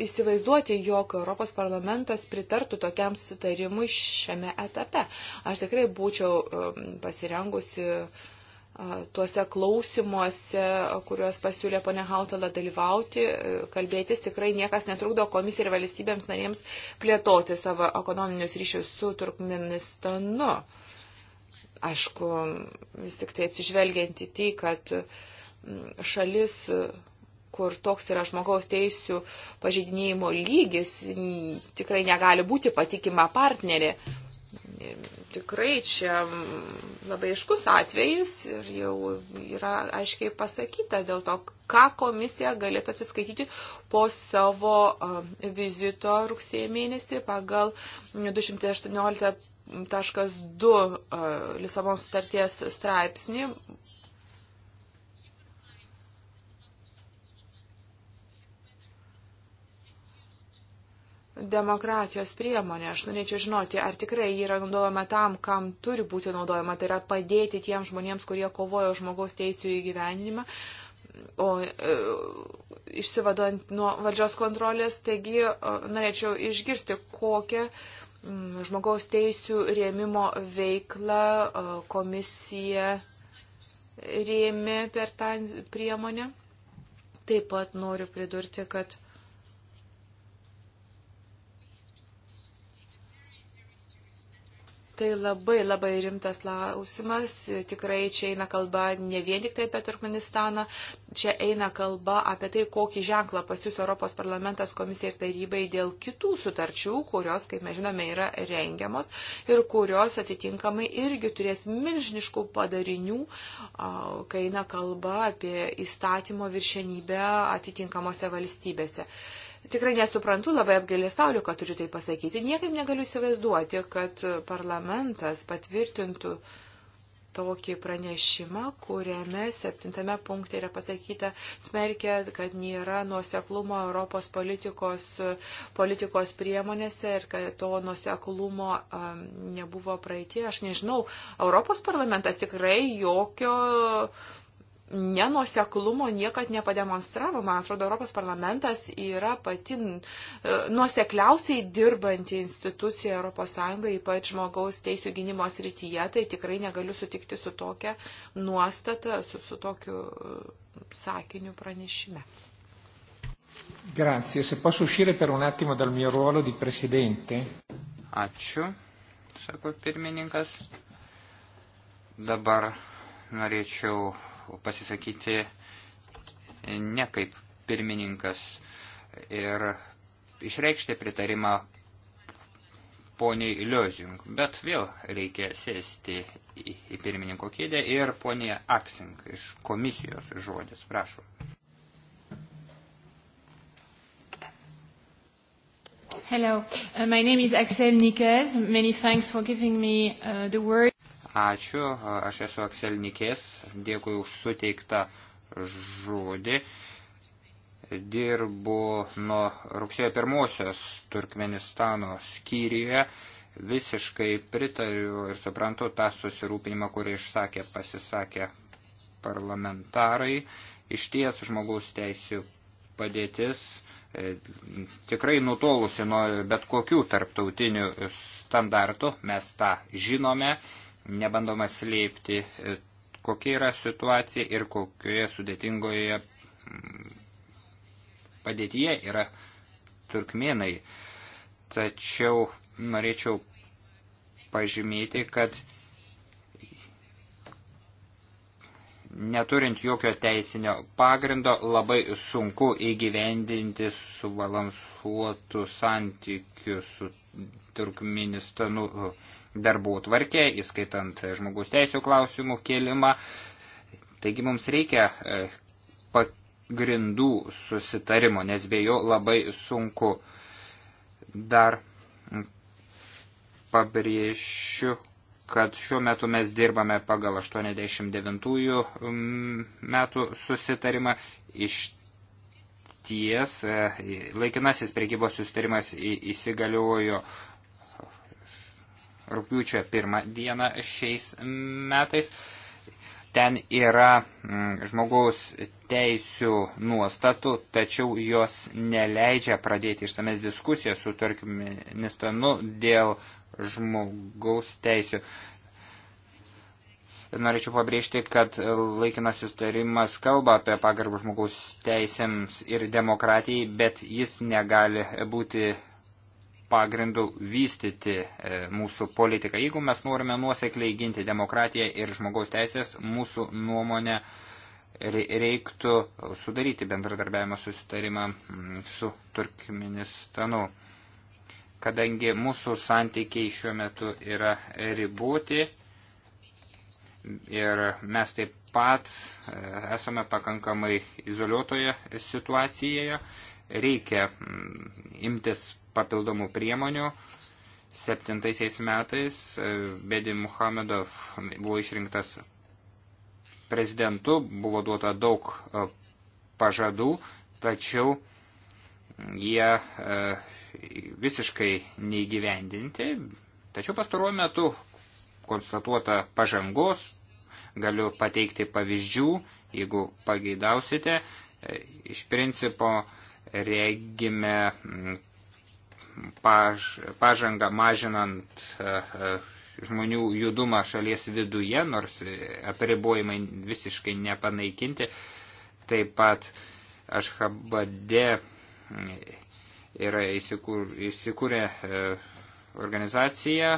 įsivaizduoti, jog Europos parlamentas pritartų tokiam sutarimui šiame etape. Aš tikrai būčiau um, pasirengusi uh, tuose klausimuose, kuriuos pasiūlė ponė Hautala dalyvauti, uh, kalbėtis tikrai niekas netrukdo komisijai ir valstybėms narėms plėtoti savo ekonominius ryšius su Turkmenistanu. Aišku, vis tik tai atsižvelgiant į tai, kad uh, šalis, kur toks yra žmogaus teisų pažeidinėjimo lygis, tikrai negali būti patikima partnerė. Tikrai čia labai iškus atvejis ir jau yra aiškiai pasakyta dėl to, ką komisija galėtų atsiskaityti po savo vizito rugsėjo mėnesį pagal 218.2 Lisabon sutarties straipsnį demokratijos priemonė. Aš norėčiau žinoti, ar tikrai ji yra naudojama tam, kam turi būti naudojama, tai yra padėti tiems žmonėms, kurie kovojo žmogaus teisų įgyveninimą, o e, išsivadant nuo valdžios kontrolės. Taigi e, norėčiau išgirsti, kokią m, mm, žmogaus teisų rėmimo veiklą e, komisija rėmė per tą priemonę. Taip pat noriu pridurti, kad Tai labai labai rimtas klausimas. Tikrai čia eina kalba ne vien tik tai apie Turkmenistaną, čia eina kalba apie tai, kokį ženklą pasiūs Europos parlamentas komisija ir tarybai dėl kitų sutarčių, kurios, kaip mes žinome, yra rengiamos ir kurios atitinkamai irgi turės milžiniškų padarinių, kai eina kalba apie įstatymo viršenybę atitinkamose valstybėse. Tikrai nesuprantu, labai apgailėstauju, kad turiu tai pasakyti. Niekaip negaliu įsivaizduoti, kad parlamentas patvirtintų tokį pranešimą, kuriame septintame punkte yra pasakyta smerkia, kad nėra nuoseklumo Europos politikos, politikos priemonėse ir kad to nuoseklumo um, nebuvo praeitie. Aš nežinau, Europos parlamentas tikrai jokio nenuoseklumo niekad nepademonstravo. Man atrodo, Europos parlamentas yra pati e, nuosekliausiai dirbanti institucija Europos Sąjungai, ypač žmogaus teisų gynimo srityje. Tai tikrai negaliu sutikti su tokia nuostata, su, su tokiu e, sakiniu pranešime. Grazie, se posso uscire per un attimo dal mio ruolo di presidente. Ačiū, sako pirmininkas. Dabar norėčiau pasisakyti ne kaip pirmininkas ir išreikšti pritarimą poniai Liozing, bet vėl reikia sėsti į, į pirmininko kėdę ir poniai Aksing iš komisijos žodis, prašau. Hello, uh, my name is Axel Nikes. Many thanks for giving me uh, the word. Ačiū, aš esu Akselnikės, dėkui už suteiktą žodį. Dirbu nuo rugsėjo pirmosios Turkmenistano skyriuje. Visiškai pritariu ir suprantu tą susirūpinimą, kurį išsakė, pasisakė parlamentarai. Iš ties žmogaus teisių padėtis e, tikrai nutolusi nuo bet kokių tarptautinių standartų, mes tą žinome, nebandoma slėpti, e, kokia yra situacija ir kokioje sudėtingoje mm, padėtyje yra turkmenai. Tačiau norėčiau pažymėti, kad neturint jokio teisinio pagrindo labai sunku įgyvendinti subalansuotų santykių su Turkmenistanu darbų tvarkė, įskaitant e, žmogus teisų klausimų kėlimą. Taigi mums reikia e, pagrindų susitarimo, nes be jo labai sunku dar pabrėšiu, kad šiuo metu mes dirbame pagal 89 metų susitarimą. Iš ties e, laikinasis priekybos susitarimas įsigaliojo rūpiučio pirmą dieną šiais metais. Ten yra mm, žmogaus teisių nuostatų, tačiau jos neleidžia pradėti išsames diskusijas su Turkmenistanu dėl žmogaus teisių. Norėčiau pabrėžti, kad laikinas sustarimas kalba apie pagarbą žmogaus teisėms ir demokratijai, bet jis negali būti pagrindų vystyti e, mūsų politiką. Jeigu mes norime nuosekliai ginti demokratiją ir žmogaus teisės, mūsų nuomonė reiktų sudaryti bendradarbiavimo susitarimą mm, su Turkmenistanu. Kadangi mūsų santykiai šiuo metu yra riboti ir mes taip pat e, esame pakankamai izoliuotoje situacijoje, reikia mm, imtis papildomų priemonių. Septintaisiais metais e, Bedi Muhamedov buvo išrinktas prezidentu, buvo duota daug e, pažadų, tačiau jie e, visiškai neįgyvendinti. Tačiau pastaruoju metu konstatuota pažangos, galiu pateikti pavyzdžių, jeigu pageidausite. Iš principo regime paž, pažangą mažinant e, e, žmonių judumą šalies viduje, nors apribojimai visiškai nepanaikinti. Taip pat Ašhabade yra įsikūr, įsikūrė e, organizacija,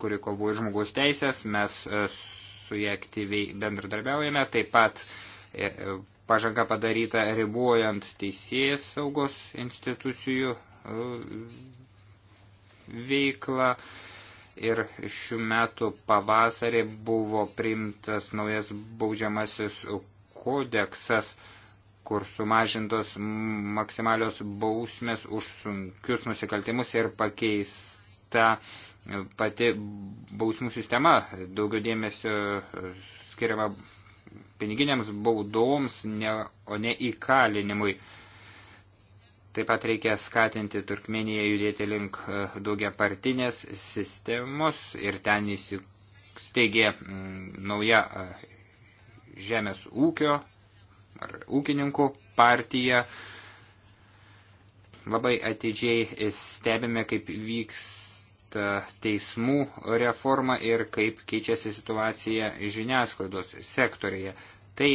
kuri kovoja žmogaus teisės, mes su jie aktyviai bendradarbiaujame, taip pat pažanga padaryta ribuojant teisėjas saugos institucijų e, veiklą. Ir šių metų pavasarį buvo priimtas naujas baudžiamasis kodeksas, kur sumažintos maksimalios bausmės už sunkius nusikaltimus ir pakeista pati bausmų sistema. Daugiau dėmesio skiriama piniginiams baudoms, ne, o ne įkalinimui. Taip pat reikia skatinti Turkmeniją judėti link e, daugia partinės sistemos ir ten įsteigė mm, nauja e, žemės ūkio ar ūkininkų partija. Labai atidžiai stebime, kaip vyks E, teismų reforma ir kaip keičiasi situacija žiniasklaidos sektorėje. Tai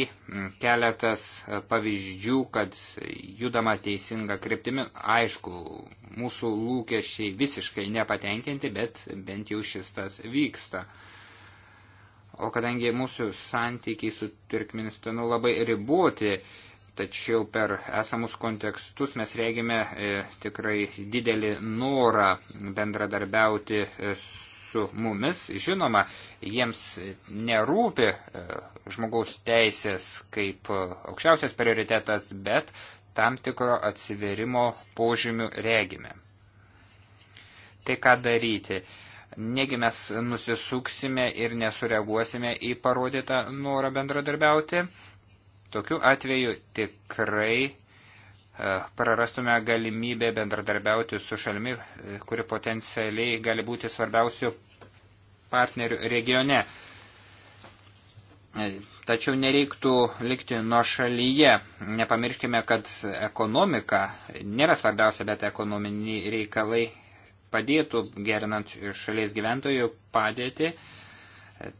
keletas e, pavyzdžių, kad judama teisinga kryptimi, aišku, mūsų lūkesčiai visiškai nepatenkinti, bet bent jau šis tas vyksta. O kadangi mūsų santykiai su Turkmenistanu labai riboti, tačiau per esamus kontekstus mes reagime e, tikrai didelį norą bendradarbiauti e, su mumis. Žinoma, jiems nerūpi e, žmogaus teisės kaip aukščiausias prioritetas, bet tam tikro atsiverimo požymių regime. Tai ką daryti? Negi mes nusisuksime ir nesureaguosime į parodytą norą bendradarbiauti, Tokiu atveju tikrai e, prarastume galimybę bendradarbiauti su šalimi, e, kuri potencialiai gali būti svarbiausių partnerių regione. E, tačiau nereiktų likti nuo šalyje. Nepamirškime, kad ekonomika nėra svarbiausia, bet ekonominiai reikalai padėtų gerinant šalies gyventojų padėtį.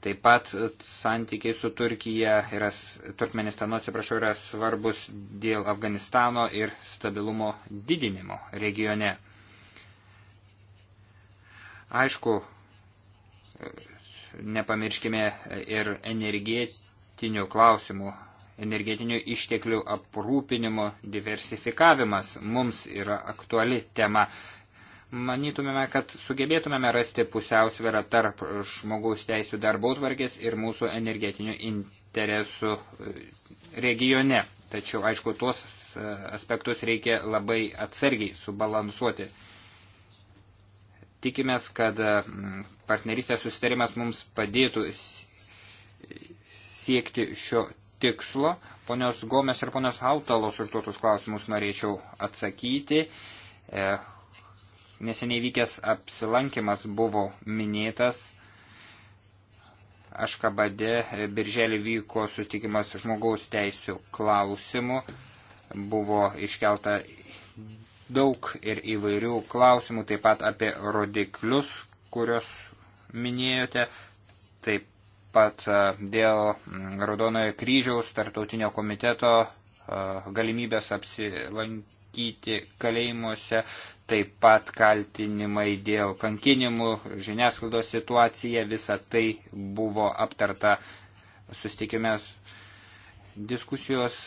Taip pat santykiai su Turkija yra, Turkmenistanu, atsiprašau, yra svarbus dėl Afganistano ir stabilumo didinimo regione. Aišku, nepamirškime ir energetinių klausimų, energetinių išteklių aprūpinimo diversifikavimas mums yra aktuali tema manytumėme, kad sugebėtumėme rasti pusiausvyrą tarp žmogaus teisų darbautvarkės ir mūsų energetinių interesų e, regione. Tačiau, aišku, tuos e, aspektus reikia labai atsargiai subalansuoti. Tikimės, kad e, partnerystės susitarimas mums padėtų siekti šio tikslo. Ponios Gomes ir ponios Hautalos užduotus klausimus norėčiau atsakyti neseniai vykęs apsilankimas buvo minėtas. Aškabade birželį vyko sutikimas žmogaus teisų klausimų. Buvo iškelta daug ir įvairių klausimų, taip pat apie rodiklius, kurios minėjote, taip pat dėl Raudonojo kryžiaus tartautinio komiteto galimybės apsilankyti pasakyti kalėjimuose, taip pat kaltinimai dėl kankinimų, žiniasklaidos situacija, visa tai buvo aptarta sustikimės diskusijos,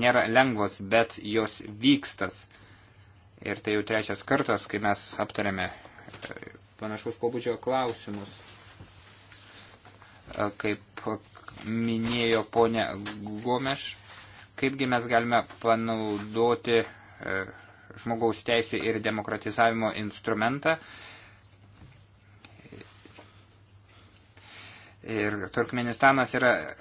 nėra lengvos, bet jos vykstas. Ir tai jau trečias kartas, kai mes aptarėme e, panašaus pobūdžio klausimus. E, kaip minėjo ponė Gomeš, Kaipgi mes galime panaudoti e, žmogaus teisų ir demokratizavimo instrumentą. Ir Turkmenistanas yra e,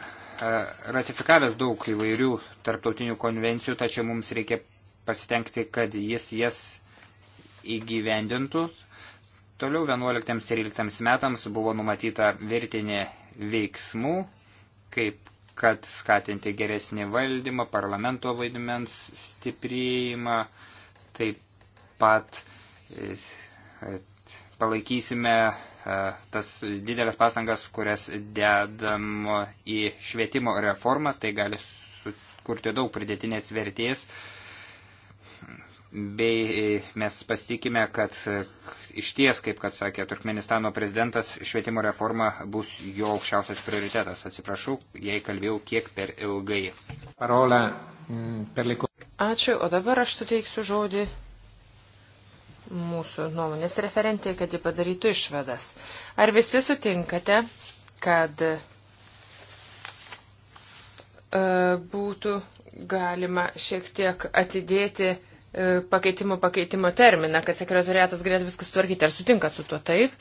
ratifikavęs daug įvairių tarptautinių konvencijų, tačiau mums reikia pasitengti, kad jis jas įgyvendintų. Toliau 11-13 metams buvo numatyta virtinė veiksmų, kaip kad skatinti geresnį valdymą, parlamento vaidmens stiprėjimą, taip pat e, palaikysime e, tas didelės pasangas, kurias dedam į švietimo reformą, tai gali sukurti daug pridėtinės vertės bei e, mes pasitikime, kad e, iš ties, kaip kad sakė Turkmenistano prezidentas, švietimo reforma bus jo aukščiausias prioritetas. Atsiprašau, jei kalbėjau kiek per ilgai. Parola, mm, per liko... Ačiū, o dabar aš suteiksiu žodį mūsų nuomonės referentai, kad ji padarytų išvadas. Ar visi sutinkate, kad e, būtų galima šiek tiek atidėti E, pakeitimų pakeitimo terminą, kad sekretoriatas galėtų viską sutvarkyti. Ar sutinka su tuo taip?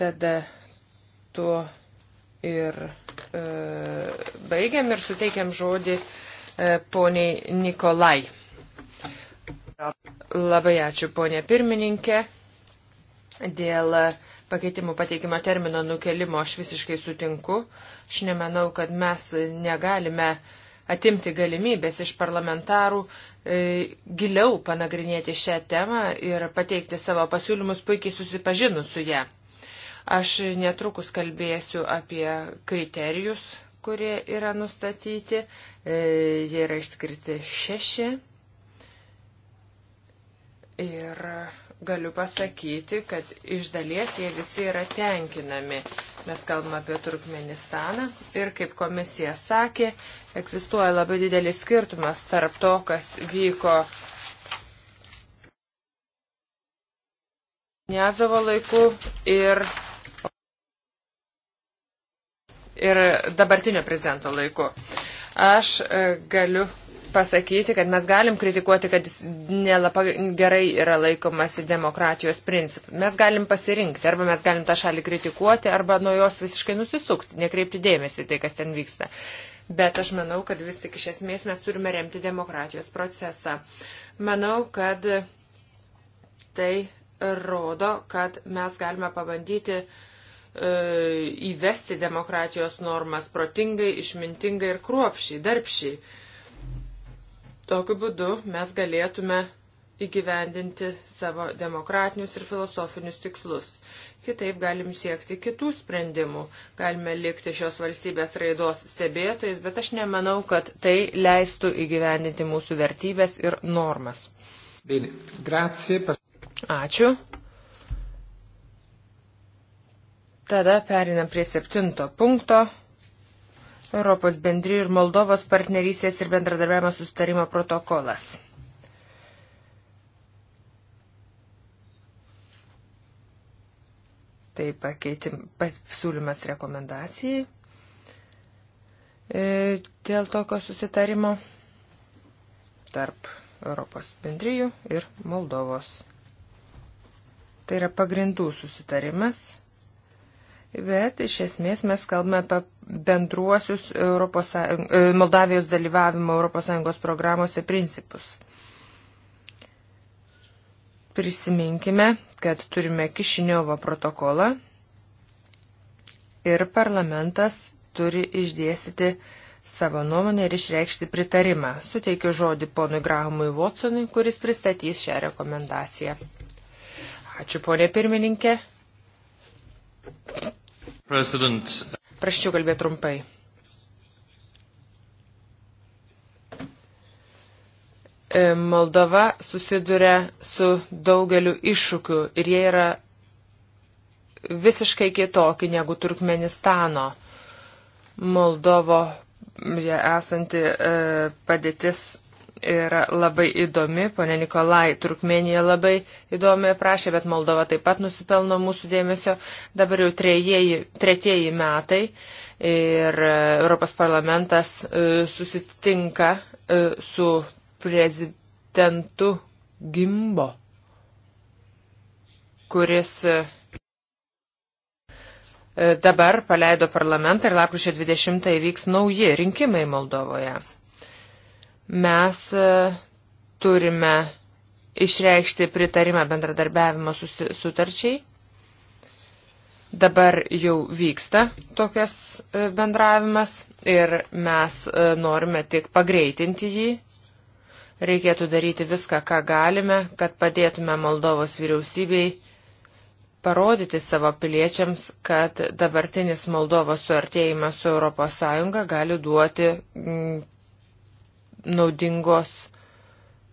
Tada tuo ir e, baigiam ir suteikiam žodį e, poniai Nikolai. Labai ačiū, ponė pirmininkė. Dėl pakeitimų pateikimo termino nukelimo aš visiškai sutinku. Aš nemanau, kad mes negalime e, atimti galimybės iš parlamentarų e, giliau panagrinėti šią temą ir pateikti savo pasiūlymus puikiai susipažinus su ją. Aš netrukus kalbėsiu apie kriterijus, kurie yra nustatyti. E, jie yra išskirti šeši. Ir galiu pasakyti, kad iš dalies jie visi yra tenkinami. Mes kalbame apie Turkmenistaną ir, kaip komisija sakė, egzistuoja labai didelis skirtumas tarp to, kas vyko Niazovo laiku ir, ir dabartinio prezidento laiku. Aš e, galiu pasakyti, kad mes galim kritikuoti, kad nelabai gerai yra laikomasi demokratijos principų. Mes galim pasirinkti, arba mes galim tą šalį kritikuoti, arba nuo jos visiškai nusisukti, nekreipti dėmesį tai, kas ten vyksta. Bet aš manau, kad vis tik iš esmės mes turime remti demokratijos procesą. Manau, kad tai rodo, kad mes galime pabandyti e, įvesti demokratijos normas protingai, išmintingai ir kruopšiai, darbšiai. Tokiu būdu mes galėtume įgyvendinti savo demokratinius ir filosofinius tikslus. Kitaip galim siekti kitų sprendimų, galime likti šios valstybės raidos stebėtojais, bet aš nemanau, kad tai leistų įgyvendinti mūsų vertybės ir normas. Ačiū. Tada perinam prie septinto punkto. Europos bendrijų ir Moldovos partnerystės ir bendradarbiavimo sustarimo protokolas. Tai pakeitim, pasiūlymas rekomendacijai e, dėl tokio susitarimo tarp Europos bendrijų ir Moldovos. Tai yra pagrindų susitarimas, bet iš esmės mes kalbame apie bendruosius Europos, e, Moldavijos dalyvavimo ES programuose principus. Prisiminkime, kad turime Kišiniovo protokolą ir parlamentas turi išdėstyti savo nuomonę ir išreikšti pritarimą. Suteikiu žodį ponui Grahamui Watsonui, kuris pristatys šią rekomendaciją. Ačiū, ponė pirmininkė. President. Praščiau kalbėti trumpai. E, Moldova susiduria su daugeliu iššūkių ir jie yra visiškai kitokie negu Turkmenistano. Moldovo esanti e, padėtis yra labai įdomi, ponė Nikolai Turkmenija labai įdomi prašė, bet Moldova taip pat nusipelno mūsų dėmesio. Dabar jau trejieji, tretieji metai ir e, Europos parlamentas e, susitinka e, su prezidentu Gimbo, kuris dabar paleido parlamentą ir lapkričio 20 įvyks nauji rinkimai Moldovoje. Mes e, turime išreikšti pritarimą bendradarbiavimo sutarčiai. Dabar jau vyksta tokias e, bendravimas ir mes e, norime tik pagreitinti jį. Reikėtų daryti viską, ką galime, kad padėtume Moldovos vyriausybei parodyti savo piliečiams, kad dabartinis Moldovos suartėjimas su ES gali duoti naudingos,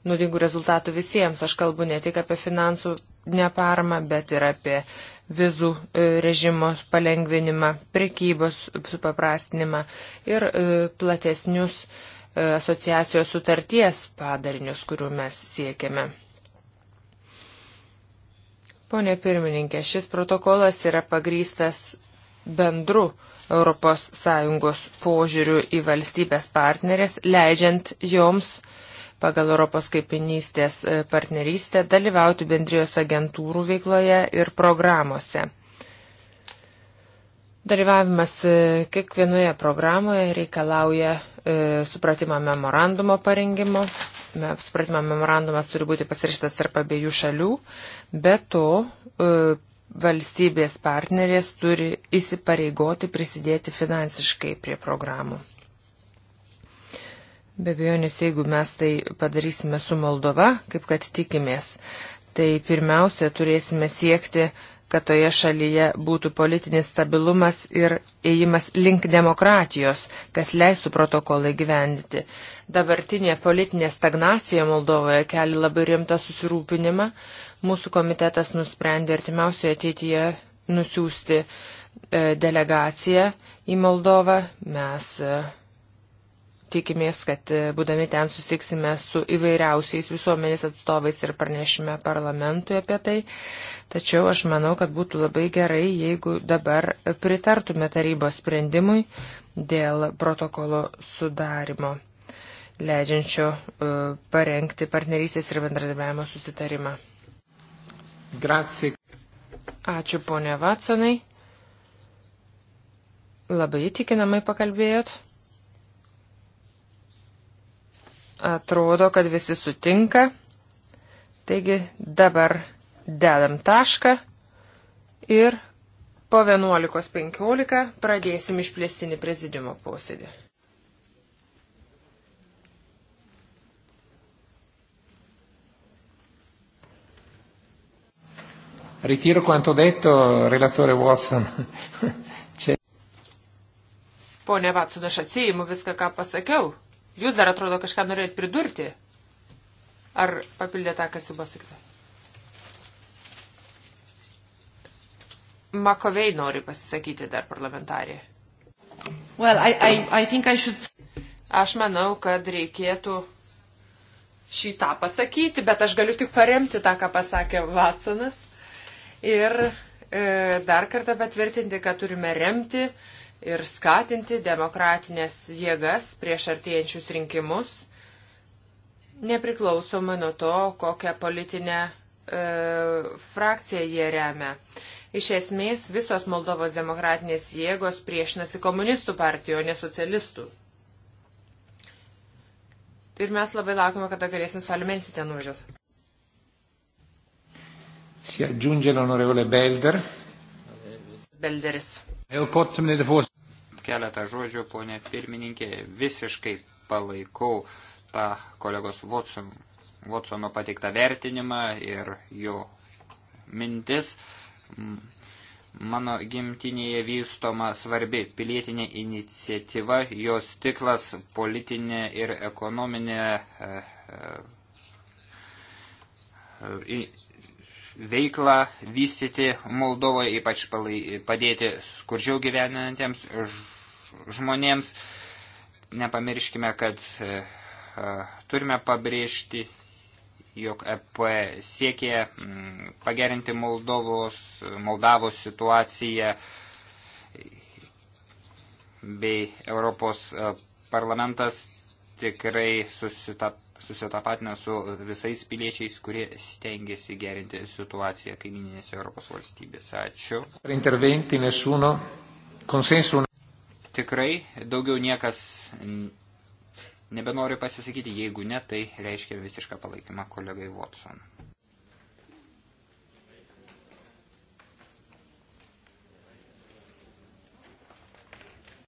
naudingų rezultatų visiems. Aš kalbu ne tik apie finansų neparamą, bet ir apie vizų e, režimos palengvinimą, prekybos supaprastinimą ir e, platesnius e, asociacijos sutarties padarinius, kurių mes siekiame. Pone pirmininkė, šis protokolas yra pagrystas bendru ES požiūriu į valstybės partnerės, leidžiant joms pagal Europos kaipinystės e, partnerystę dalyvauti bendrijos agentūrų veikloje ir programuose. Dalyvavimas e, kiekvienoje programoje reikalauja e, supratimo memorandumo parengimo. Supratimo memorandumas turi būti pasirašytas tarp abiejų šalių, bet to e, valstybės partnerės turi įsipareigoti prisidėti finansiškai prie programų. Be abejo, nes jeigu mes tai padarysime su Moldova, kaip kad tikimės, tai pirmiausia turėsime siekti kad toje šalyje būtų politinis stabilumas ir ėjimas link demokratijos, kas leistų protokolai gyvendyti. Dabartinė politinė stagnacija Moldovoje kelia labai rimtą susirūpinimą. Mūsų komitetas nusprendė artimiausioje ateityje nusiųsti e, delegaciją į Moldovą. Mes e, tikimės, kad e, būdami ten susitiksime su įvairiausiais visuomenės atstovais ir pranešime parlamentui apie tai. Tačiau aš manau, kad būtų labai gerai, jeigu dabar pritartume tarybos sprendimui dėl protokolo sudarimo, leidžiančio e, parengti partnerystės ir bendradarbiavimo susitarimą. Grazie. Ačiū ponė Vatsonai. Labai įtikinamai pakalbėjot. Atrodo, kad visi sutinka. Taigi dabar dedam tašką ir po 11.15 pradėsim išplėstinį prezidiumo posėdį. Ritiro quanto detto, relatore Watson. Pone Vatsudas, atsijimu viską, ką pasakiau. Jūs dar atrodo kažką norėjot pridurti? Ar papildė tą, kas jau buvo sakyta? Makovei nori pasisakyti dar parlamentarė. Well, I, I, I think I should... Aš manau, kad reikėtų šitą pasakyti, bet aš galiu tik paremti tą, ką pasakė Vatsonas. Ir e, dar kartą patvirtinti, kad turime remti e, ir skatinti demokratinės jėgas prieš artėjančius rinkimus, nepriklausomai nuo to, kokią politinę e, frakciją jie remia. Iš esmės visos Moldovos demokratinės jėgos priešinasi komunistų partijų, o ne socialistų. Ir mes labai laukime, kada galėsim spalio mėnesį ten nuvažiuoti. Si aggiunge l'onorevole Belder. Belderis. Keletą žodžių, ponė pirmininkė, visiškai palaikau tą kolegos Watson, Watsono pateiktą vertinimą ir jo mintis. Mano gimtinėje vystoma svarbi pilietinė iniciatyva, jos tiklas politinė ir ekonominė e, e, veiklą vystyti Moldovoje, ypač padėti skurdžiau gyvenantiems žmonėms. Nepamirškime, kad e, e, turime pabrėžti, jog EP siekė mm, pagerinti Moldovos, Moldavos situaciją bei Europos e, parlamentas tikrai susitat susitapatina su visais piliečiais, kurie stengiasi gerinti situaciją kaimininėse Europos valstybėse. Ačiū. Interventi nesūno konsensu. Tikrai daugiau niekas nebenori pasisakyti, jeigu ne, tai reiškia visišką palaikymą kolegai Watson.